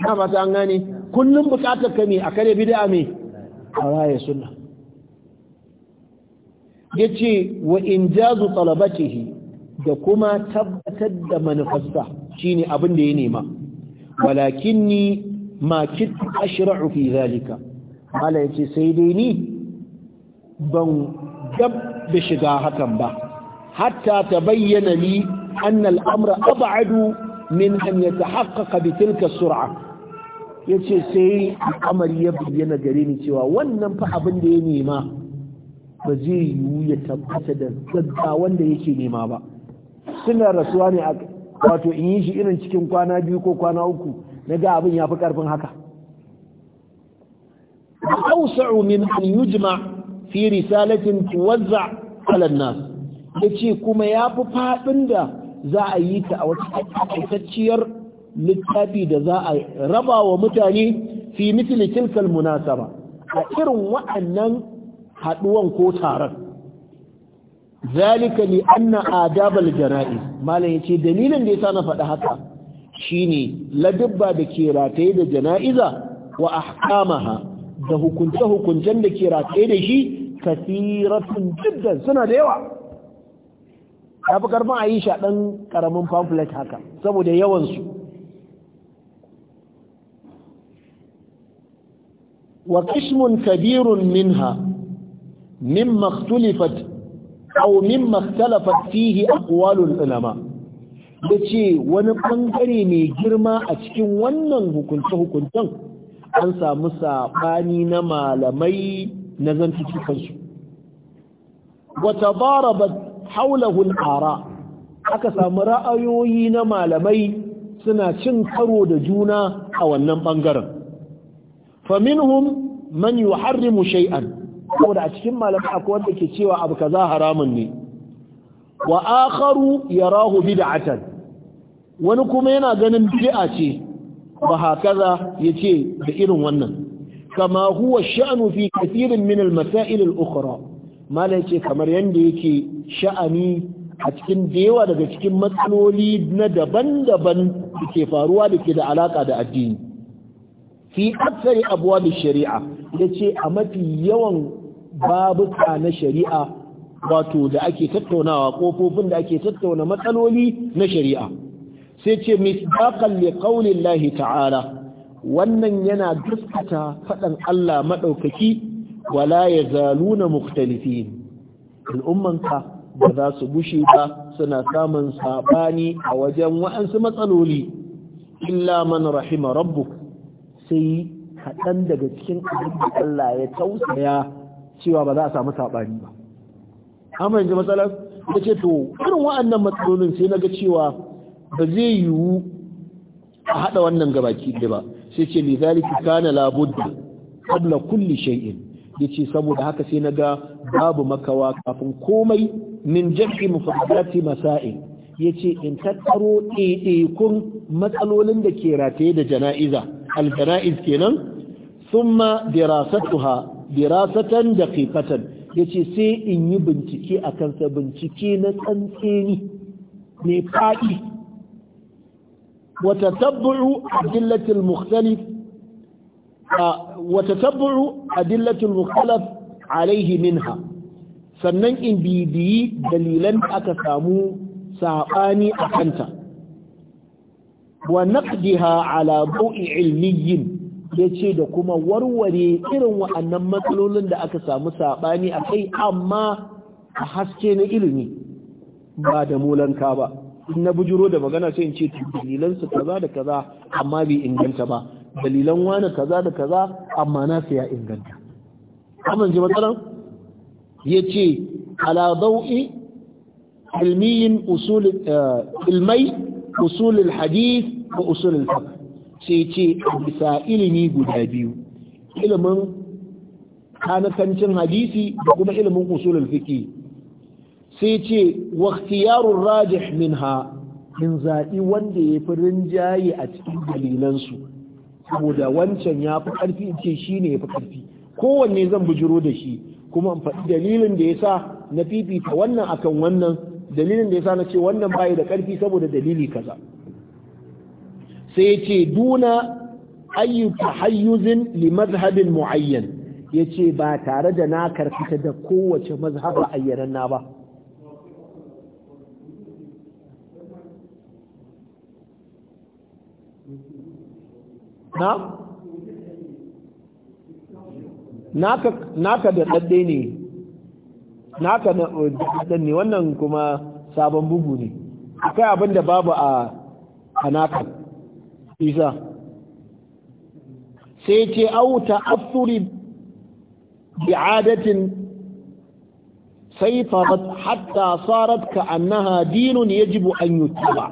na mata an gane kullum bukatar ka mai a kare bid'a mai a raye sunna ce wa in jazu talabatihi da kuma tabbatar da shi shine abin da ya nema Walakin ni ma a ashra'u fi zalika Allah ce sai dai ni ban gab da shiga hakan ba hatta tabayyana li anna al'amra ab'adu min an yatahaqqaqa bi tilka sur'a yace sai al'amari ya bayyana ni cewa wannan fa abin da ya nema ba zai yiwu ya tabbata da gaggawa wanda yake nema ba suna rasuwa ne wato in yi shi irin cikin kwana biyu ko kwana uku na ga abin ya fi karfin haka أوسع من أن يجمع في رسالة توزع على الناس ya ce kuma ya fi faɗin da za a yi ta a wata aikacciyar littafi da za a raba wa mutane fi misli tilkal munasaba a irin wa'annan haɗuwan ko taron zalika li anna adabal jana'iz malam yace dalilin da sa na faɗi haka shine ladubba da ke rataye da jana'iza wa ahkamaha da hukunce hukuncen da ke rataye da shi kasiratun jiddan suna da yawa ya fi karfin a yi a ɗan ƙaramin pamphlet haka saboda yawansu wa kishmun kabirun minha mimma ikhtalafat aw mimma ikhtalafat fihi aqwalul ulama yace wani ɓangare mai girma a cikin wannan hukunce hukuncen an samu saɓani na malamai na zantukan su bara haulahul ara aka samu ra'ayoyi na malamai suna cin karo da juna a wannan ɓangaren faminhum man harrimu sha'i'an. saboda a cikin malamai akwai wanda ke cewa abu za haramun ne wa akharu da bid'atan wani kuma yana ganin bid'a ce ba ya ce da irin wannan kama huwa sha'nu fi kathirin min al-masail al-ukhra mala ce kamar yadda yake sha'ani a cikin da yawa daga cikin matsaloli na daban-daban da ke faruwa da ke da alaƙa da addini fi aksari abuwa da shari'a ya ce a mafi yawan babuka na shari'a wato da ake tattaunawa kofofin da ake tattauna matsaloli na shari'a sai ce misdaqan li lahi ta'ala wannan yana gaskata faɗan Allah maɗaukaki wala yazaluna mukhtalifin al'ummanka ba za su bushe ba suna samun sabani a wajen wa'ansu matsaloli illa man rahima rabbuk sai kaɗan daga cikin abinda Allah ya tausaya cewa ba za a samu sabani ba amma yanzu matsalar ta ce to irin wa'annan matsalolin sai na ga cewa ba zai yiwu a haɗa wannan gabaki ba sai ce lizalika kana labudda kulli shay'in ya ce saboda haka sai na ga babu makawa kafin komai min jam'i mufadati masa'il ya ce in tattaro ɗaiɗaikun matsalolin da ke rataye da jana'iza Al-Jana'iz kenan summa dirasatuha dirasatan daqiqatan yace sai in yi bincike a kansa bincike na tsantseni mai faɗi wata tabbu'u adillatil mukhtalif wa tatabbu'u adillatul mukhalaf alaihi minha sannan in bibiyi dalilan da aka samu saɓani a kanta wa naqdiha ala bu'i ya yace da kuma warware irin wa'annan matsalolin da aka samu saɓani a kai amma a haske na ilimi ba da molanka ba in na bujuro da magana sai in ce dalilansu kaza da kaza amma bai inganta ba dalilan wani kaza da kaza amma na ya inganta kamar ji matsalan ya ce ala dau'i ilmiyin eh, ilmai usulul hadith da usulul fiqh sai ce bisa ilimi guda biyu ilimin kanakancin hadisi da kuma ilimin usulul fiqh sai ce wa ikhtiyarur rajih minha in zaɓi wanda ya fi rinjaye a cikin dalilansu saboda wancan ya fi ƙarfi in ce shi ne ya fi ƙarfi kowanne zan bujiro da shi kuma in faɗi dalilin da ya sa na fifita wannan akan wannan dalilin da ya sa na ce wannan bayi da ƙarfi saboda dalili kaza sai ce duna ayyuka hayyuzin li mazhabin mu'ayyan ya ce ba tare da na karfita da kowace mazhaba ayyaran na ba na naka da ne naka wannan kuma sabon bugu ne akwai abin da babu a naka isa sai ce auta afuri bi'adatin saifarat hatta sarat ka annaha dinun yajibu an yutuba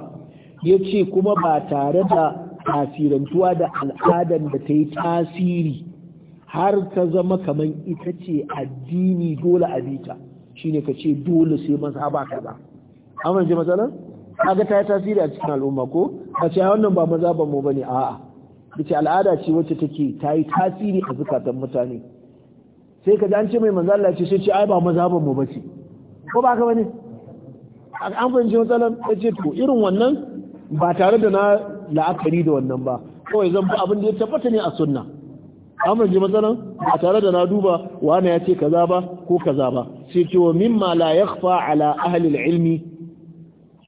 yace kuma ba tare da tasirantuwa da al'adar da ta yi tasiri har ta zama kamar ita ce addini dole a bita ne ka ce dole sai mazhaba kaza amma ji matsalar ga ta yi tasiri a cikin al'umma ko a ce wannan ba maza ba mu bane a'a dace al'ada ce wacce take ta yi tasiri a zukatan mutane sai ka an ce mai manzo Allah ce sai ce ai ba ba mu bace ko ba ka bane an fahimci matsalar ta ce to irin wannan ba tare da na la'akari da wannan ba kawai zan bi abin da ya tabbata ne a sunna amma ji matsalan ba tare da na duba wani ya ce kaza ba ko kaza ba sai ce wa mimma la yakhfa ala ahli ilmi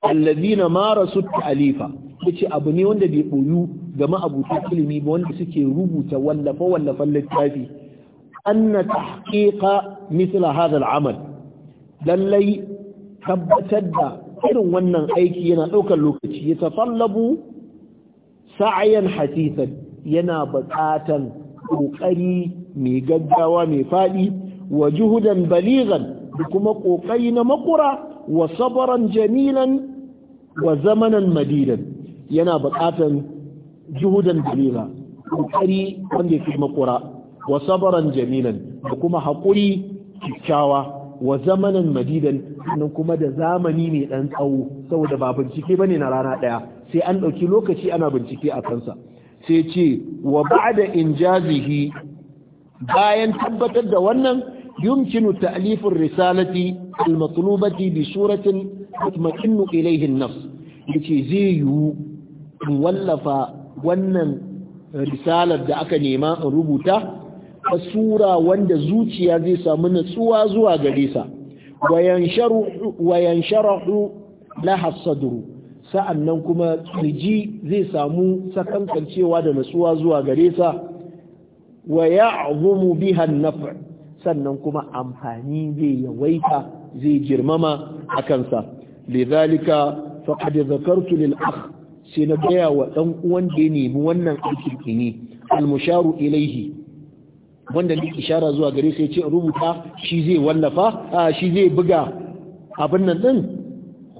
alladhina marasu ta'alifa yace abu ne wanda bai boyu ga ma'abutan ilimi ba wanda suke rubuta wallafa wallafan littafi anna tahqiqa mithla hadha al'amal lallai tabbatar da irin wannan aiki yana daukar lokaci ya tafallabu sa'ayan hasisan yana buƙatan ƙoƙari mai gaggawa mai faɗi wa juhudan baligan da kuma ƙoƙari na makura wa sabaran jamilan wa zamanan madidan yana buƙatan juhudan baliga ƙoƙari wanda ya fi makura wa sabaran jamilan da kuma haƙuri kyakkyawa wa zamanin madidan nan kuma da zamani ne dan tsawo saboda ba bincike bane na rana ɗaya. sai an ɗauki lokaci ana bincike a kansa sai ce wa da injazihi bayan tabbatar da wannan yumkinu ta'lifin risalati al-matlubati bi suratin tatma'innu ilayhi an-nafs yace zai yiwu wallafa wannan risalar da aka nema in rubuta ta wanda zuciya zai samu natsuwa zuwa gare sa wayan sharahu laha sadru sa'annan kuma kirji zai samu sakankancewa da natsuwa zuwa gare sa wa ya'zumu biha an-naf' sannan kuma amfani zai yawaita zai girmama a kansa lidhalika faqad zakartu lil akh sai na gaya wa dan uwan da ya nemi wannan aikin kini al musharu ilaihi wanda ni ishara zuwa gare sai ce rubuta shi zai wallafa shi zai buga abin nan din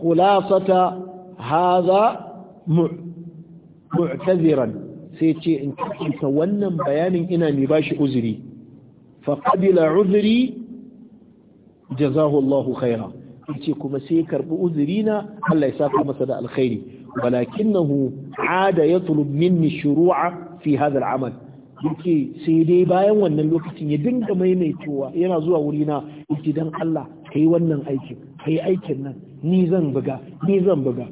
khulasata hadha mu'taziran sai ce in kanta wannan bayanin ina mai bashi uzuri fa qabila uzuri jazahu Allahu khaira yace kuma sai karbi uzuri na Allah ya saka masa da alkhairi walakinahu ada yatlub minni shuru'a fi hadha al'amal yake sai dai bayan wannan lokacin ya dinga maimaitowa yana zuwa wurina yake dan Allah ka yi wannan aikin ka yi aikin nan ni zan buga ni zan buga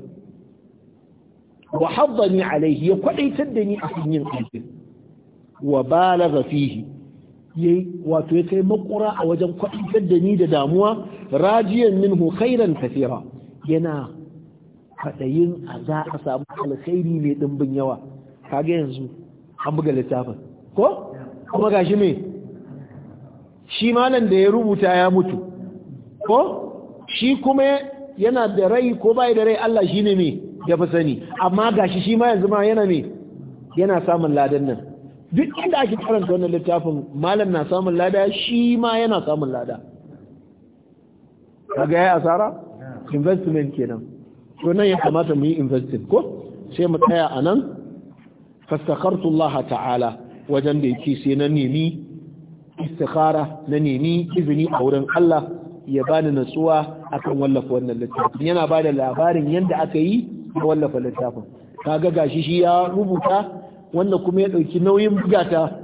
wa haddani alaihi ya kwadaitar da ni a kan yin aikin wa balagha fihi yayi wato ya kai makura a wajen kwadaitar da ni da damuwa rajiyan minhu khairan kathira yana kadayin a za a samu alkhairi mai dimbin yawa kaga yanzu an buga littafin ko kuma gashi me shi malam da ya rubuta ya mutu ko shi kuma yana da rai ko bai da rai Allah shine me ya fi sani amma gashi shi ma yanzu ma yana me yana samun ladan nan duk inda ake karanta wannan littafin malam na samun lada shi ma yana samun lada kaga yayi asara investment kenan to nan ya kamata mu yi investment ko sai mu tsaya anan fastakhartu Allah ta'ala wajen da yake sai na nemi istikhara na nemi izini a wurin Allah ya bani natsuwa akan wallafa wannan littafin yana bada labarin yadda aka yi da wallafa littafin kaga gashi shi ya rubuta wanda kuma ya dauki nauyin bugata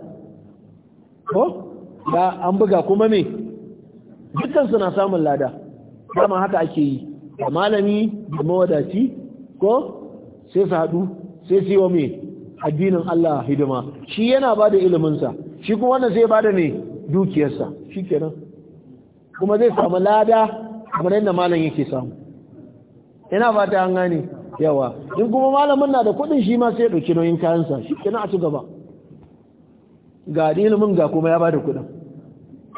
ko da an buga kuma me dukkan suna samun lada dama haka ake yi da malami da mawadaci ko sai su haɗu sai su yi wa me addinin Allah hidima shi yana bada iliminsa shi kuma wannan zai bada ne dukiyarsa shikenan kuma zai samu lada kamar yadda malam yake samu ina ta an gane yawa in kuma malamin na da kuɗin shi ma sai ya ɗauki nauyin kayansa shikenan a ci gaba ga ilimin ga kuma ya bada kuɗin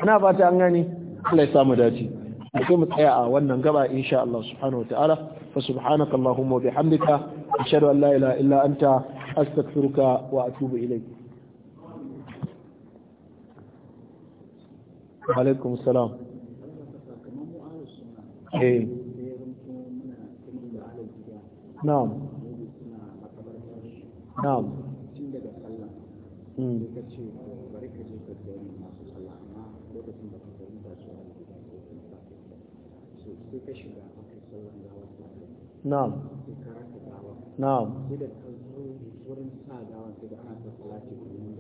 ina ta an gane Allah ya samu dace ake mu tsaya a wannan gaba insha Allah subhanahu wa ta'ala fa subhanaka allahumma wa bihamdika ashhadu an la ilaha illa anta أستغفرك وأتوب إليك عليكم السلام إيه. نعم نعم نعم نعم wurin sa gawa sai da ana son salati da kiran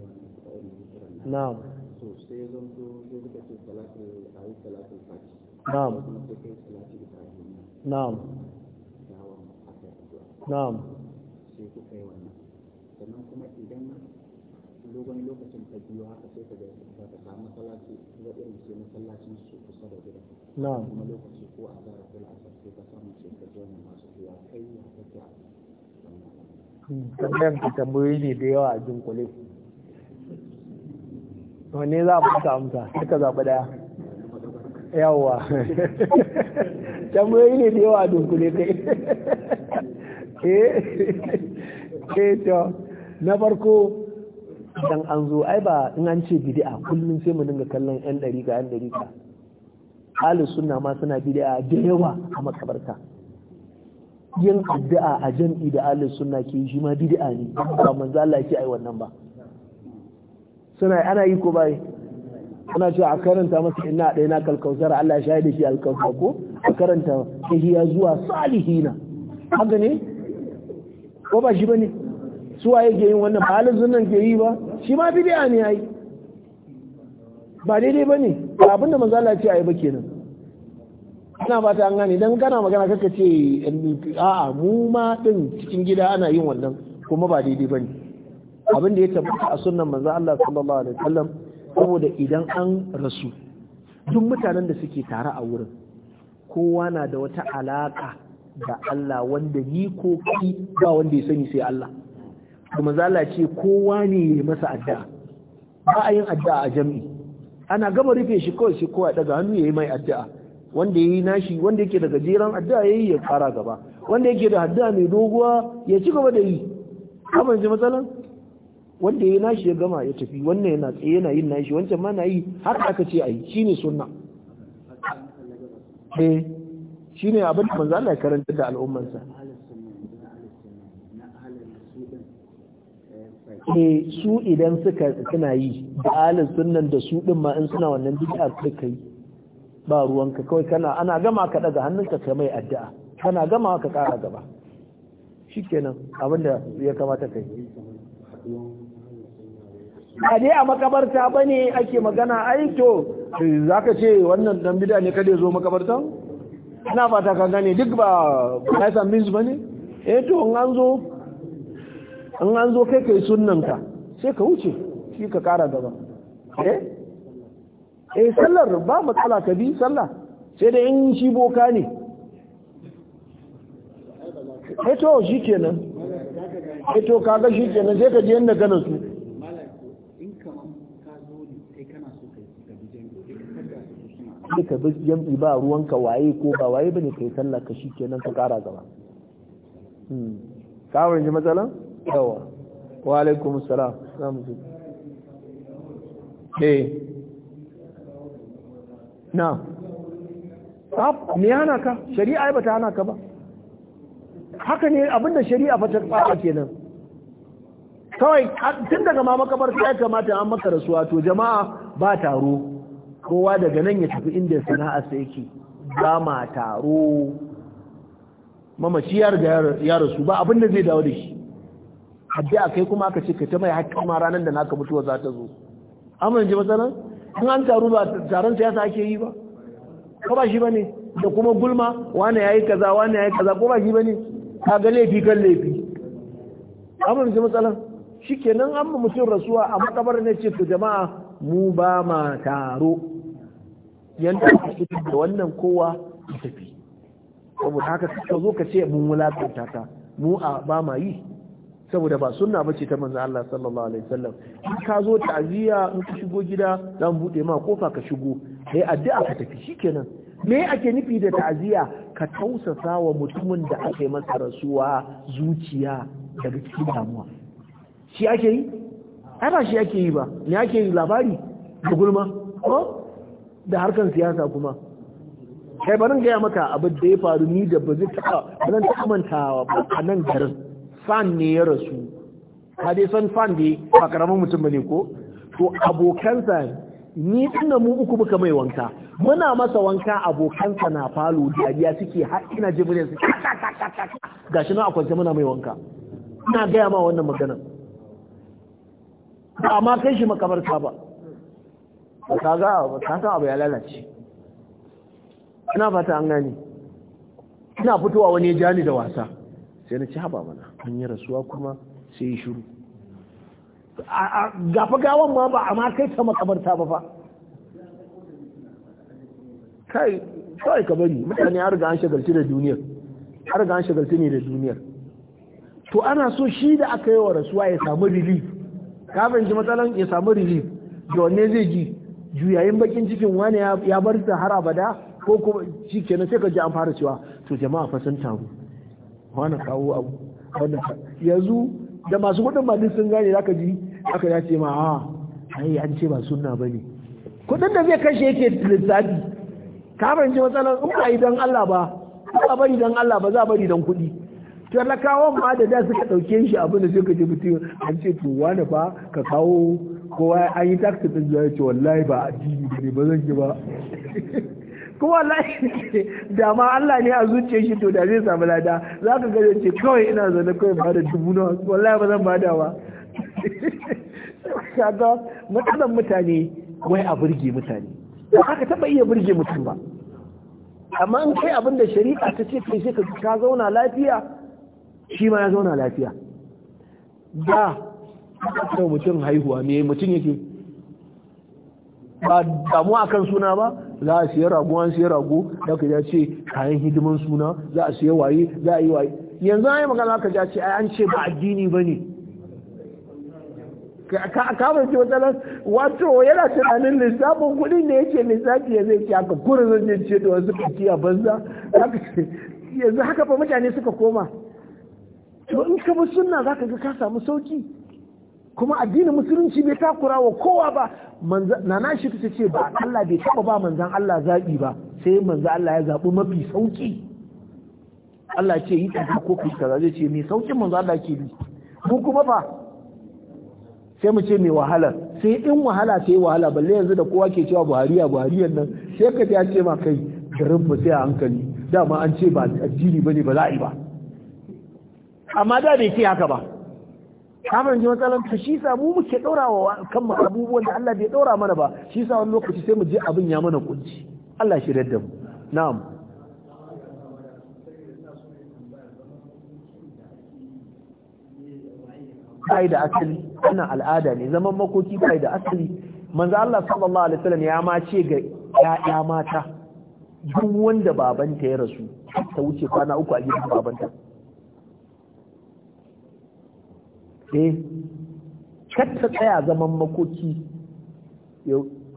na'am so sai ce salati a yi salatin fati na'am kuma sai kai salati da na'am gawa aka yi addu'a na'am sai ku kai wannan sannan kuma idan dogon lokacin ta biyu haka sai ka ga ba ta samu ga irin sai masallacin su kusa da gida na'am kuma lokaci ko a zara kula a sai ka samu sai ka zo masu zuwa kai tambayan ka tambayoyi ne da yawa a jinkule wanne za a fuka amsa sai ka zaɓi ɗaya Yawwa tambayoyi ne da yawa a dunkule kai eh, eh to na farko dan an zo ai ba in an ce bid'a kullum sai mu dinga kallon yan ɗari ga yan ɗari ka ahlus sunna ma suna bid'a da yawa a makabarta yin addu'a a jam'i da alin suna ke shi ma bid'a ne ba manzo Allah yake ai wannan ba suna ana yi ko ba ana cewa a karanta masa inna ɗaya na kalkausar Allah ya shaida shi alkausa ko a karanta ya zuwa salihina haka ne ko ba shi bane suwa yake yin wannan ba alin sunan ke yi ba shi ma bid'a ne ai ba daidai bane abinda manzo Allah ya ce ai ba kenan ina ba ta an gane dan kana magana kaka ce a'a mu ma din cikin gida ana yin wannan kuma ba daidai bane abin da ya tabbata a sunnan manzo Allah sallallahu alaihi wasallam saboda idan an rasu duk mutanen da suke tare a wurin kowa na da wata alaka da Allah wanda ni ko ki ba wanda ya sani sai Allah kuma zala ce kowa ne ya masa addu'a ba a yin addu'a a jami'i ana gama rufe shi kawai shi kowa daga hannu ya yi mai addu'a wanda yayi nashi wanda yake da gajeren addu'a yayi ya fara gaba wanda yake da addu'a mai doguwa ya ci gaba da yi kamar ji matsalan wanda yayi nashi ya gama ya tafi wannan yana tsaye yana yin nashi wancan ma na yi har aka ce ai shine sunna eh shine abin da manzo Allah ya karanta da al'ummansa eh su idan suka suna yi da alin sunnan da su din ma in suna wannan bid'a suka yi ba ruwanka kawai kana ana gama ka daga hannunka ka mai addu'a kana gama ka kara gaba shikenan abinda ya kamata kai a dai a makabarta bane ake magana ai to zaka ce wannan dan bida ne kada zo makabartan ina fata ka gane duk ba kasan ba ne? eh to in an zo an zo kai kai sunnanka sai ka wuce shi ka kara gaba eh eh sallar ba matsala ka bi sallah sai da in shi boka ne eh to shi kenan eh to kaga shi kenan sai ka je inda ka nasu sai ka bi jam'i ba ruwanka waye ko ba waye bane kai sallah ka shi kenan ka kara gaba hmm. kawai ji matsala? yawa wa alaikum salam eh na ab me hana ka shari'a ba ta hana ka ba haka ne abinda shari'a fa ta tsara kenan kawai tun daga ma makabar ya kamata an maka rasuwa to jama'a ba taro kowa daga nan ya tafi inda sana'a sa yake ba ma taro mamaci ya riga ya rasu ba abinda zai dawo da shi hadda akai kuma aka ce ka ta mai hakkin ma ranar da naka mutuwa za ta zo amma yanzu matsalan in an taru ba taron siyasa ake yi ba ko ba shi ba ne da kuma gulma wane ya yi kaza wane ya yi kaza ko ba shi ba ne ka ga laifi kan laifi amma yanzu matsalan shi kenan an ma mutum rasuwa a makabar ne ce to jama'a mu ba ma taro yanda ake da wannan kowa ya tafi saboda haka ka zo ka ce mun wulakanta ta mu a ba ma yi saboda ba sunna bace ta manzo Allah sallallahu alaihi wasallam in ka zo ta'ziya in ka shigo gida zan bude ma kofa ka shigo sai addu'a ka tafi shikenan me ake nufi da ta'ziya ka tausasa wa mutumin da aka yi masa rasuwa zuciya daga cikin damuwa shi ake yi ai ba shi ake yi ba ne ake yi labari da gulma ko da harkan siyasa kuma kai barin gaya maka abin da ya faru ni da ba zai taɓa ba zan taɓa mantawa ba a nan garin fan ne ya rasu ka son san fan da ba karamin mutum bane ko to abokansa ni inda mu uku muka mai wanka muna masa wanka abokansa na falo dariya suke har ina ji muryar su gashi na a kwance muna mai wanka ina gaya ma wannan magana. ba ma kai shi makabarta ba ba ka ga ka san abu ya lalace ina fata an gani ina fitowa wani ya jani da wasa sai na ci haba mana an yi rasuwa kuma sai yi shiru gafa gawan ma ba a kai ta makabarta ba fa kai kawai ka bari mutane har ga an shagalci da duniyar har ga an shagalci ne da duniyar to ana so shi da aka yi wa rasuwa ya samu relief kafin fahimci matsalan ya samu relief da wanne zai ji juyayin bakin cikin wani ya bar ta har abada ko kuma shi kenan sai ka ji an fara cewa to jama'a fa sun taru wani kawo abu wani yanzu da masu kudin ba sun gane aka ji aka ya ce ma a ah, ai an ce ba ba bane kudin da zai kashe yake lissafi ka fahimci matsalar in ba idan Allah ba ba bari don Allah ba za bari don kuɗi talakawan ma da da suka dauke shi abin da suka ji mutum an ce to wani fa ka kawo kowa an yi taksi din ya ce wallahi ba addini ne ba zan yi ba kuma wallahi da ma Allah ne a zuciyar shi to da zai samu lada za ka gaza ce kawai ina zaune kawai ba da dubu nawa wallahi ba zan bada ba kaga matsalan mutane wai a burge mutane ba haka taba iya burge mutum ba amma in kai abin da shari'a ta ce kai sai ka zauna lafiya shi ma ya zauna lafiya da mutum haihuwa me mutum yake ba damuwa kan suna ba za a siya rago an siya rago da ka ce kayan hidiman suna za a siya waye za a yi waye yanzu an yi magana ka ja ce ai an ce ba addini ba ne ka ba ce nan wato yana tunanin lissafin kuɗi ne ce lissafi ya zai ce haka kurin zan ce da wasu kaki a banza yanzu haka ba mutane suka koma to in ka bi sunna za ka ga ka samu sauki kuma addinin musulunci bai takura wa kowa ba nana shi ta ce ba Allah bai taba ba manzan Allah zaɓi ba sai manzan Allah ya zaɓi mafi sauki Allah ce yi kaza ko fi kaza zai ce mai saukin manzan Allah ke bi mu kuma ba sai mu ce mai wahala sai in wahala sai wahala balle yanzu da kowa ke cewa Buhari ya Buhari nan sai ka ta ce ma kai garin mu sai a hankali dama an ce ba addini bane ba za'i ba amma da bai ce haka ba kamar ji matsalan ta shi sa mu muke ɗora wa kanmu abubuwan da Allah bai ɗora mana ba shi sa wani lokaci sai mu je abin ya mana kunci Allah shi da mu na'am bai da asali wannan al'ada ne zaman makoki bai da asali manzo Allah sallallahu alaihi wasallam ya ma ce ga ya mata duk wanda babanta ya rasu ta wuce kwana uku a gidan babanta eh katta tsaya zaman makoki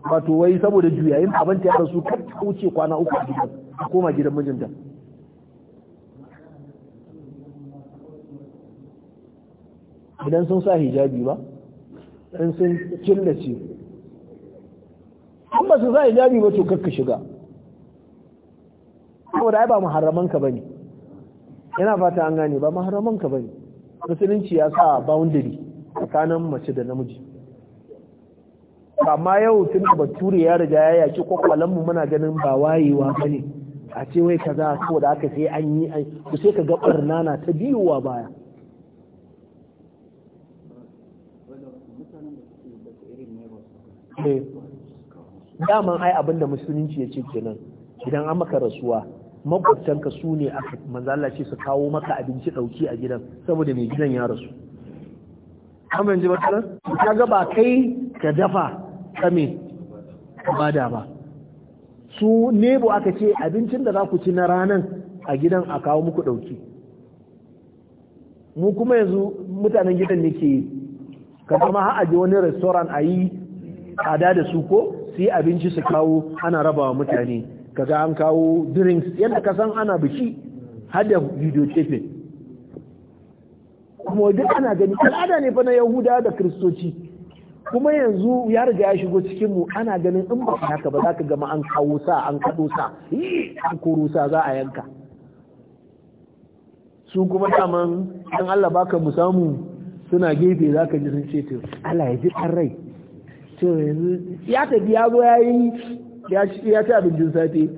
wato wai saboda juyayin abinta ya rasu katta wuce kwana uku a gidan a koma gidan mijinta idan sun sa hijabi ba in sun killace in ba su sa hijabi ba to kakka shiga saboda ai ba maharamanka ba ne yana fata an gane ba maharamanka ba ne musulunci ya sa boundary tsakanin mace da namiji amma yau tun da bature ya riga ya yaki mu muna ganin ba wayewa ba ne a ce wai kaza da aka sai an yi ku sai ka ga barna na ta biyowa baya eh. daman ai abin da musulunci ya ce kenan idan an maka rasuwa makwabtanka su ne aka manzala ce su kawo maka abinci dauki a gidan saboda mai gidan ya rasu amin ji matsalar ka ga ba kai ka dafa kame ka bada ba su nebo aka ce abincin da za ku ci na ranan a gidan a kawo muku dauki mu kuma yanzu mutanen gidan ne ke ka zama har aje wani restaurant a yi tsada da su ko su yi abinci su kawo ana rabawa mutane kaga an kawo drinks yadda ka san ana biki har da kuma duk ana gani al'ada ne fa na yahuda da kristoci kuma yanzu ya riga ya shigo cikin mu ana ganin in ba haka ba za ka gama an kawo sa an kaɗo sa an koro sa za a yanka su kuma daman dan Allah baka mu samu suna gefe za ka ji sun ce to Allah ya ji rai to yanzu ya tafi ya zo ya yi ya ci abincin safe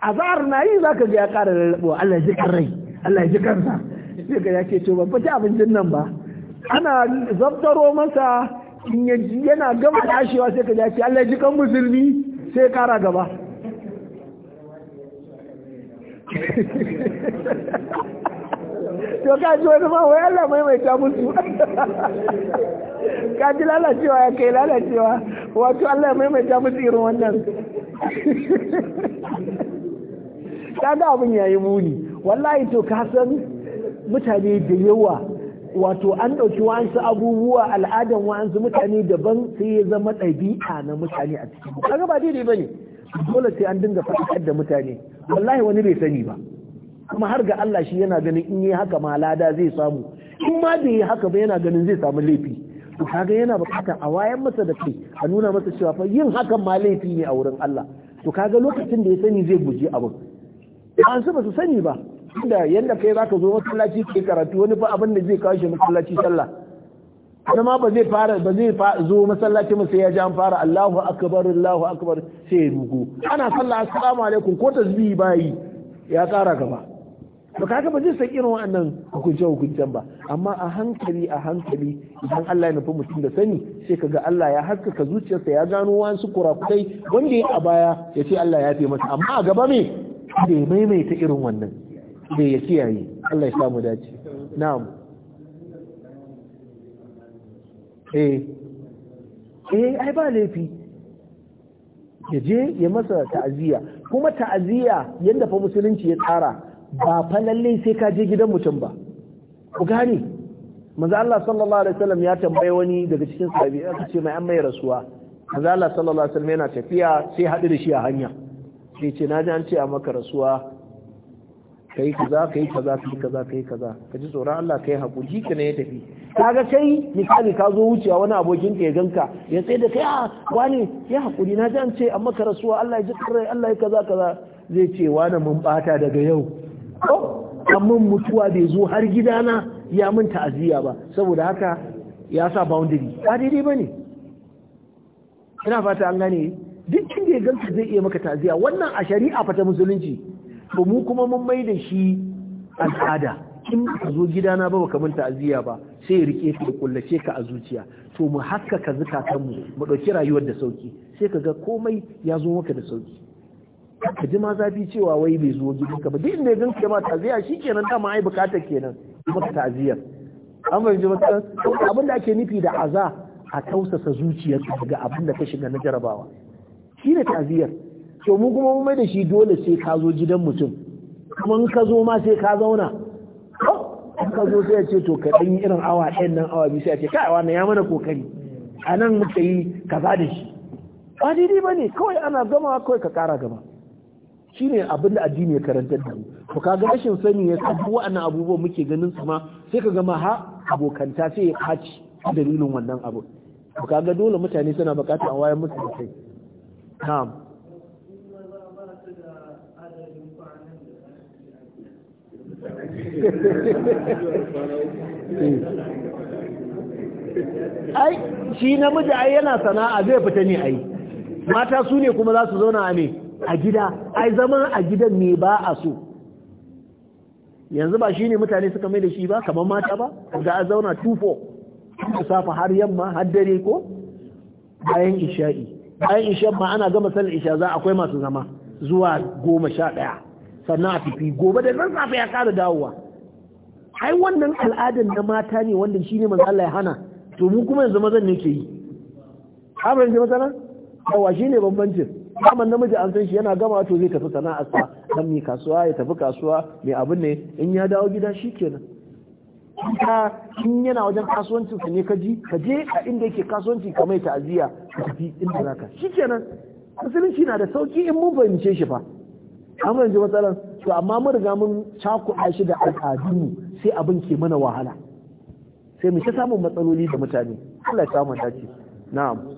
azhar na yi zaka ka ya ƙara rabuwa Allah ya ji kan rai Allah ya ji sa sai ga ya ce to ban fita abincin nan ba ana zabtaro masa in yaji yana gama tashewa sai ka ce Allah ji kan musulmi sai kara gaba to ka ji wani ma wai Allah ta musu ka ji lalacewa ya kai lalacewa wato Allah ya maimaita musu irin wannan kaga abin yayi muni wallahi to ka san mutane da yawa wato an ɗauki wa'ansu abubuwa al'adan wa'ansu mutane daban sai ya zama ɗabi'a na mutane a cikin kaga ba daidai ne dole sai an dinga faɗaɗar da mutane wallahi wani bai sani ba kuma har ga Allah shi yana ganin in yi haka ma lada zai samu in ma bai yi haka ba yana ganin zai samu laifi to kaga yana bukatar a wayan masa da kai a nuna masa cewa fa yin hakan ma laifi ne a wurin Allah to kaga lokacin da ya sani zai guji abin an su ba su sani ba inda yanda kai zaka zo masallaci ke karatu wani fa abin da zai kawo shi masallaci sallah wani ma ba zai fara ba zai zo masallaci mu sai ya ji an fara Allahu akbar Allahu akbar sai ya rugo ana sallah assalamu alaikum ko tasbihi bayi ya kara gaba to kaga ba zai san irin wannan hukunce hukuncen ba amma a hankali a hankali idan Allah ya nufi mutum da sani sai kaga Allah ya haskaka zuciyarsa ya gano wasu kurakurai wanda ya a baya ya ce Allah ya fi masa amma a gaba me bai maimaita irin wannan bai ya kiyaye Allah ya samu dace na'am eh eh ai ba laifi ya je ya masa ta'aziyya kuma ta'aziyya yadda fa musulunci ya tsara ba fa lalle sai ka je gidan mutum ba ku gane manzo Allah sallallahu alaihi wasallam ya tambaye wani daga cikin sahabi aka ce mai an mai rasuwa manzo Allah sallallahu alaihi wasallam yana tafiya sai haɗu da shi a hanya sai ce na ji an ce a maka rasuwa kai kaza kai kaza kai kaza kai kaza ka ji tsoron Allah kai hakuri ka ne ya tafi kaga kai misali ka zo wucewa wani abokin ka ya ganka ya tsaye da kai a ah, wani ya hakuri na ji an ce a maka rasuwa Allah ya ji kare, Allah ya kaza kaza zai ce wani mun bata daga yau ko amma mutuwa bai zo har gidana ya mun ta'aziyya ba saboda haka ya sa boundary ba daidai ba ne ina fata an gane duk inda ya ganka zai iya maka ta'aziyya wannan a shari'a fata musulunci to mu kuma mun mai da shi al'ada in ka zo gidana ba baka mun ta'aziyya ba sai ya rike ka kullace ka a zuciya to mu haskaka zukatanmu mu ɗauki rayuwar da sauki sai ka ga komai ya zo maka da sauki ka ji ma zafi cewa wai bai zo gidanka ba duk inda ya ganka ma ta'aziyya shikenan dama ai bukata kenan maka ta'aziyyar an fahimci maka abin da ake nufi da aza a tausasa zuciyarka daga abin da ka shiga na jarabawa shi ne ta'aziyyar to mu kuma mun mai da shi dole sai ka zo gidan mutum kuma in ka zo ma sai ka zauna in ka zo sai ya ce to ka ɗan yi irin awa ɗayan nan awa biyu sai ya ce kai wannan ya mana kokari a nan muka yi kaza da shi ba daidai ba ne kawai ana gama kawai ka kara gaba shine abin da addini ya karantar da mu to kaga rashin sani ya sabu wa'annan abubuwan muke ganin su ma sai ka gama ha abokanta sai ya ɓaci dalilin wannan abu to kaga dole mutane suna bukatar a wayar musu da kai na'am ai shi namiji ai yana sana'a zai fita ne ai mata su ne kuma za su zauna a ne a gida ai zama a gidan ne ba a so yanzu ba shine mutane suka mai da shi ba kamar mata ba ga a zauna 2-4 da safa har yamma har dare ko bayan isha'i bayan isha ma ana gama sallar isha za akwai masu zama zuwa goma sannan a fifi gobe da zan safe ya kara dawowa ai wannan al'adar na mata ne wanda shine manzo Allah ya hana to mu kuma yanzu mazan ne ke yi abin da masana yawa shine ne bambancin kamar namiji an san shi yana gama to zai tafi sa dan mai kasuwa ya tafi kasuwa mai abin ne in ya dawo gida shikenan ka in yana wajen kasuwancin sa ne ka ji ka je a inda yake kasuwanci ka mai ta'aziya ka tafi inda zaka shikenan musulunci na da sauki in mun fahimce shi fa an fahimci matsalar to amma mun riga mun a shi da al'adunmu sai abin ke mana wahala sai mu ta samun matsaloli da mutane Allah ya samu dace na'am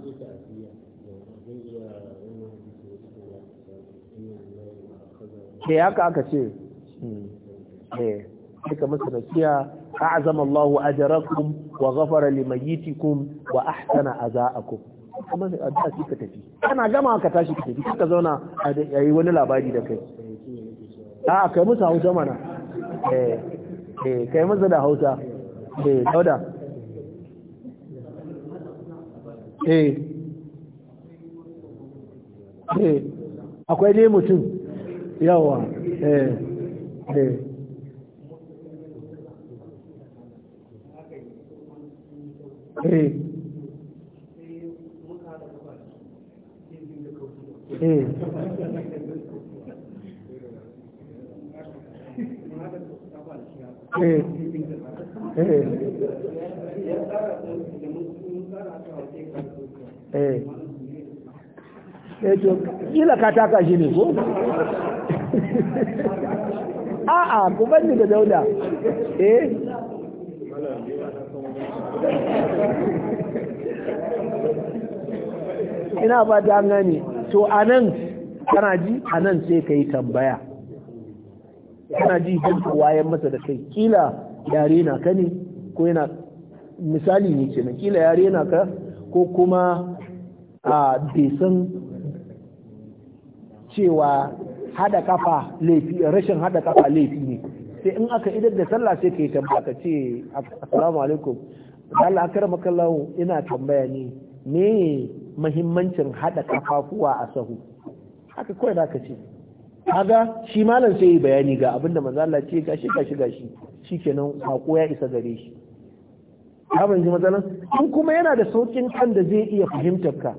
da ya aka ce hmm. eh duka musu nakiya a'azama Allah ajrakum wa ghafara limayitikum wa ahsana azaakum kuma da addu'a shi ka tafi kana gama ka tashi ka tafi ka zauna a yi wani labari da kai a kai musu hausa mana eh eh kai musu da hausa eh dauda eh eh akwai dai mutum yawa eh eh, eh. eh. eh. kila kataka taka shi ne ko a'a ku bani da dauda eh ina ba da gani to anan kana ji anan sai kai tambaya kana ji duk wayan masa da kai kila yare na ka ne ko yana misali ne na kila yare na ka ko kuma a bai san cewa hada kafa laifi rashin hada kafa laifi ne sai in aka idar da sallah sai kai tambaya ka ce assalamu alaikum Allah akramaka kallahu ina tambaya ne me muhimmancin hada kafafuwa a sahu haka kai da ka ce kaga shi malam sai yi bayani ga abinda manzo Allah ce gashi gashi gashi shikenan hako ya isa gare shi ka ban ji matsalan in kuma yana da saukin kan da zai iya fahimtar ka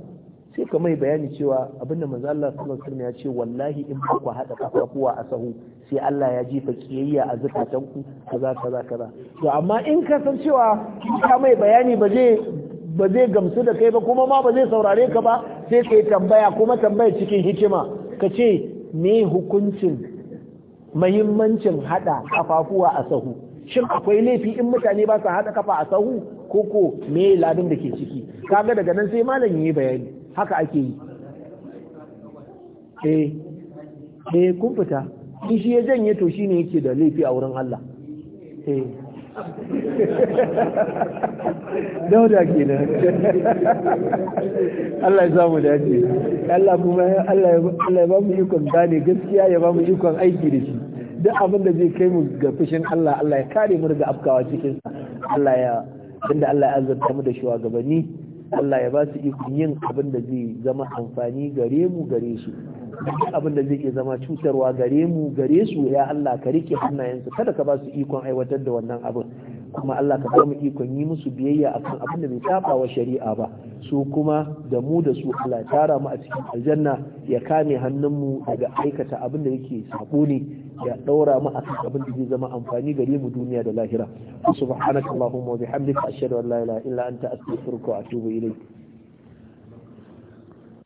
sai ka mai bayani cewa abin da manzo Allah sallallahu alaihi ya ce wallahi in ba ku hada kafafuwa a sahu sai Allah ya jifa kiyayya a zakatan ku kaza kaza kaza to amma in ka san cewa ka mai bayani ba zai gamsu da kai ba kuma ma ba zai saurare ka ba sai ka kai tambaya kuma tambaya cikin hikima ka ce me hukuncin mahimmancin haɗa kafafuwa a sahu shin akwai laifi in mutane ba su hada kafa a sahu Ko me ladin da ke ciki kaga daga nan sai malam yi bayani haka ake yi eh eh kun fita in shi ya janye to shine yake da laifi a wurin Allah eh dauda nan Allah ya samu dace Allah kuma Allah ya ba mu ikon gane gaskiya ya ba mu ikon aiki da shi duk abin da zai kai mu ga fushin Allah Allah ya kare mu daga afkawa cikin Allah ya tunda Allah ya azurta mu da shuwagabanni. Allah ya ba su ikon yin abin da zai zama amfani gare mu gare su abin da zai iya zama cutarwa gare mu gare su ya Allah ka rike hannayensu kada ka ba su ikon aiwatar da wannan abin kuma Allah ka ba mu ikon yi musu biyayya akan abin da bai saba wa shari'a ba su kuma da mu da su Allah ya tara mu a cikin aljanna ya kame hannunmu daga aikata abin da yake sabo ne ya daura mu akan abin da zai zama amfani gare mu duniya da lahira subhanakallahumma wa bihamdika ashhadu an la ilaha illa anta astaghfiruka wa atubu ilayk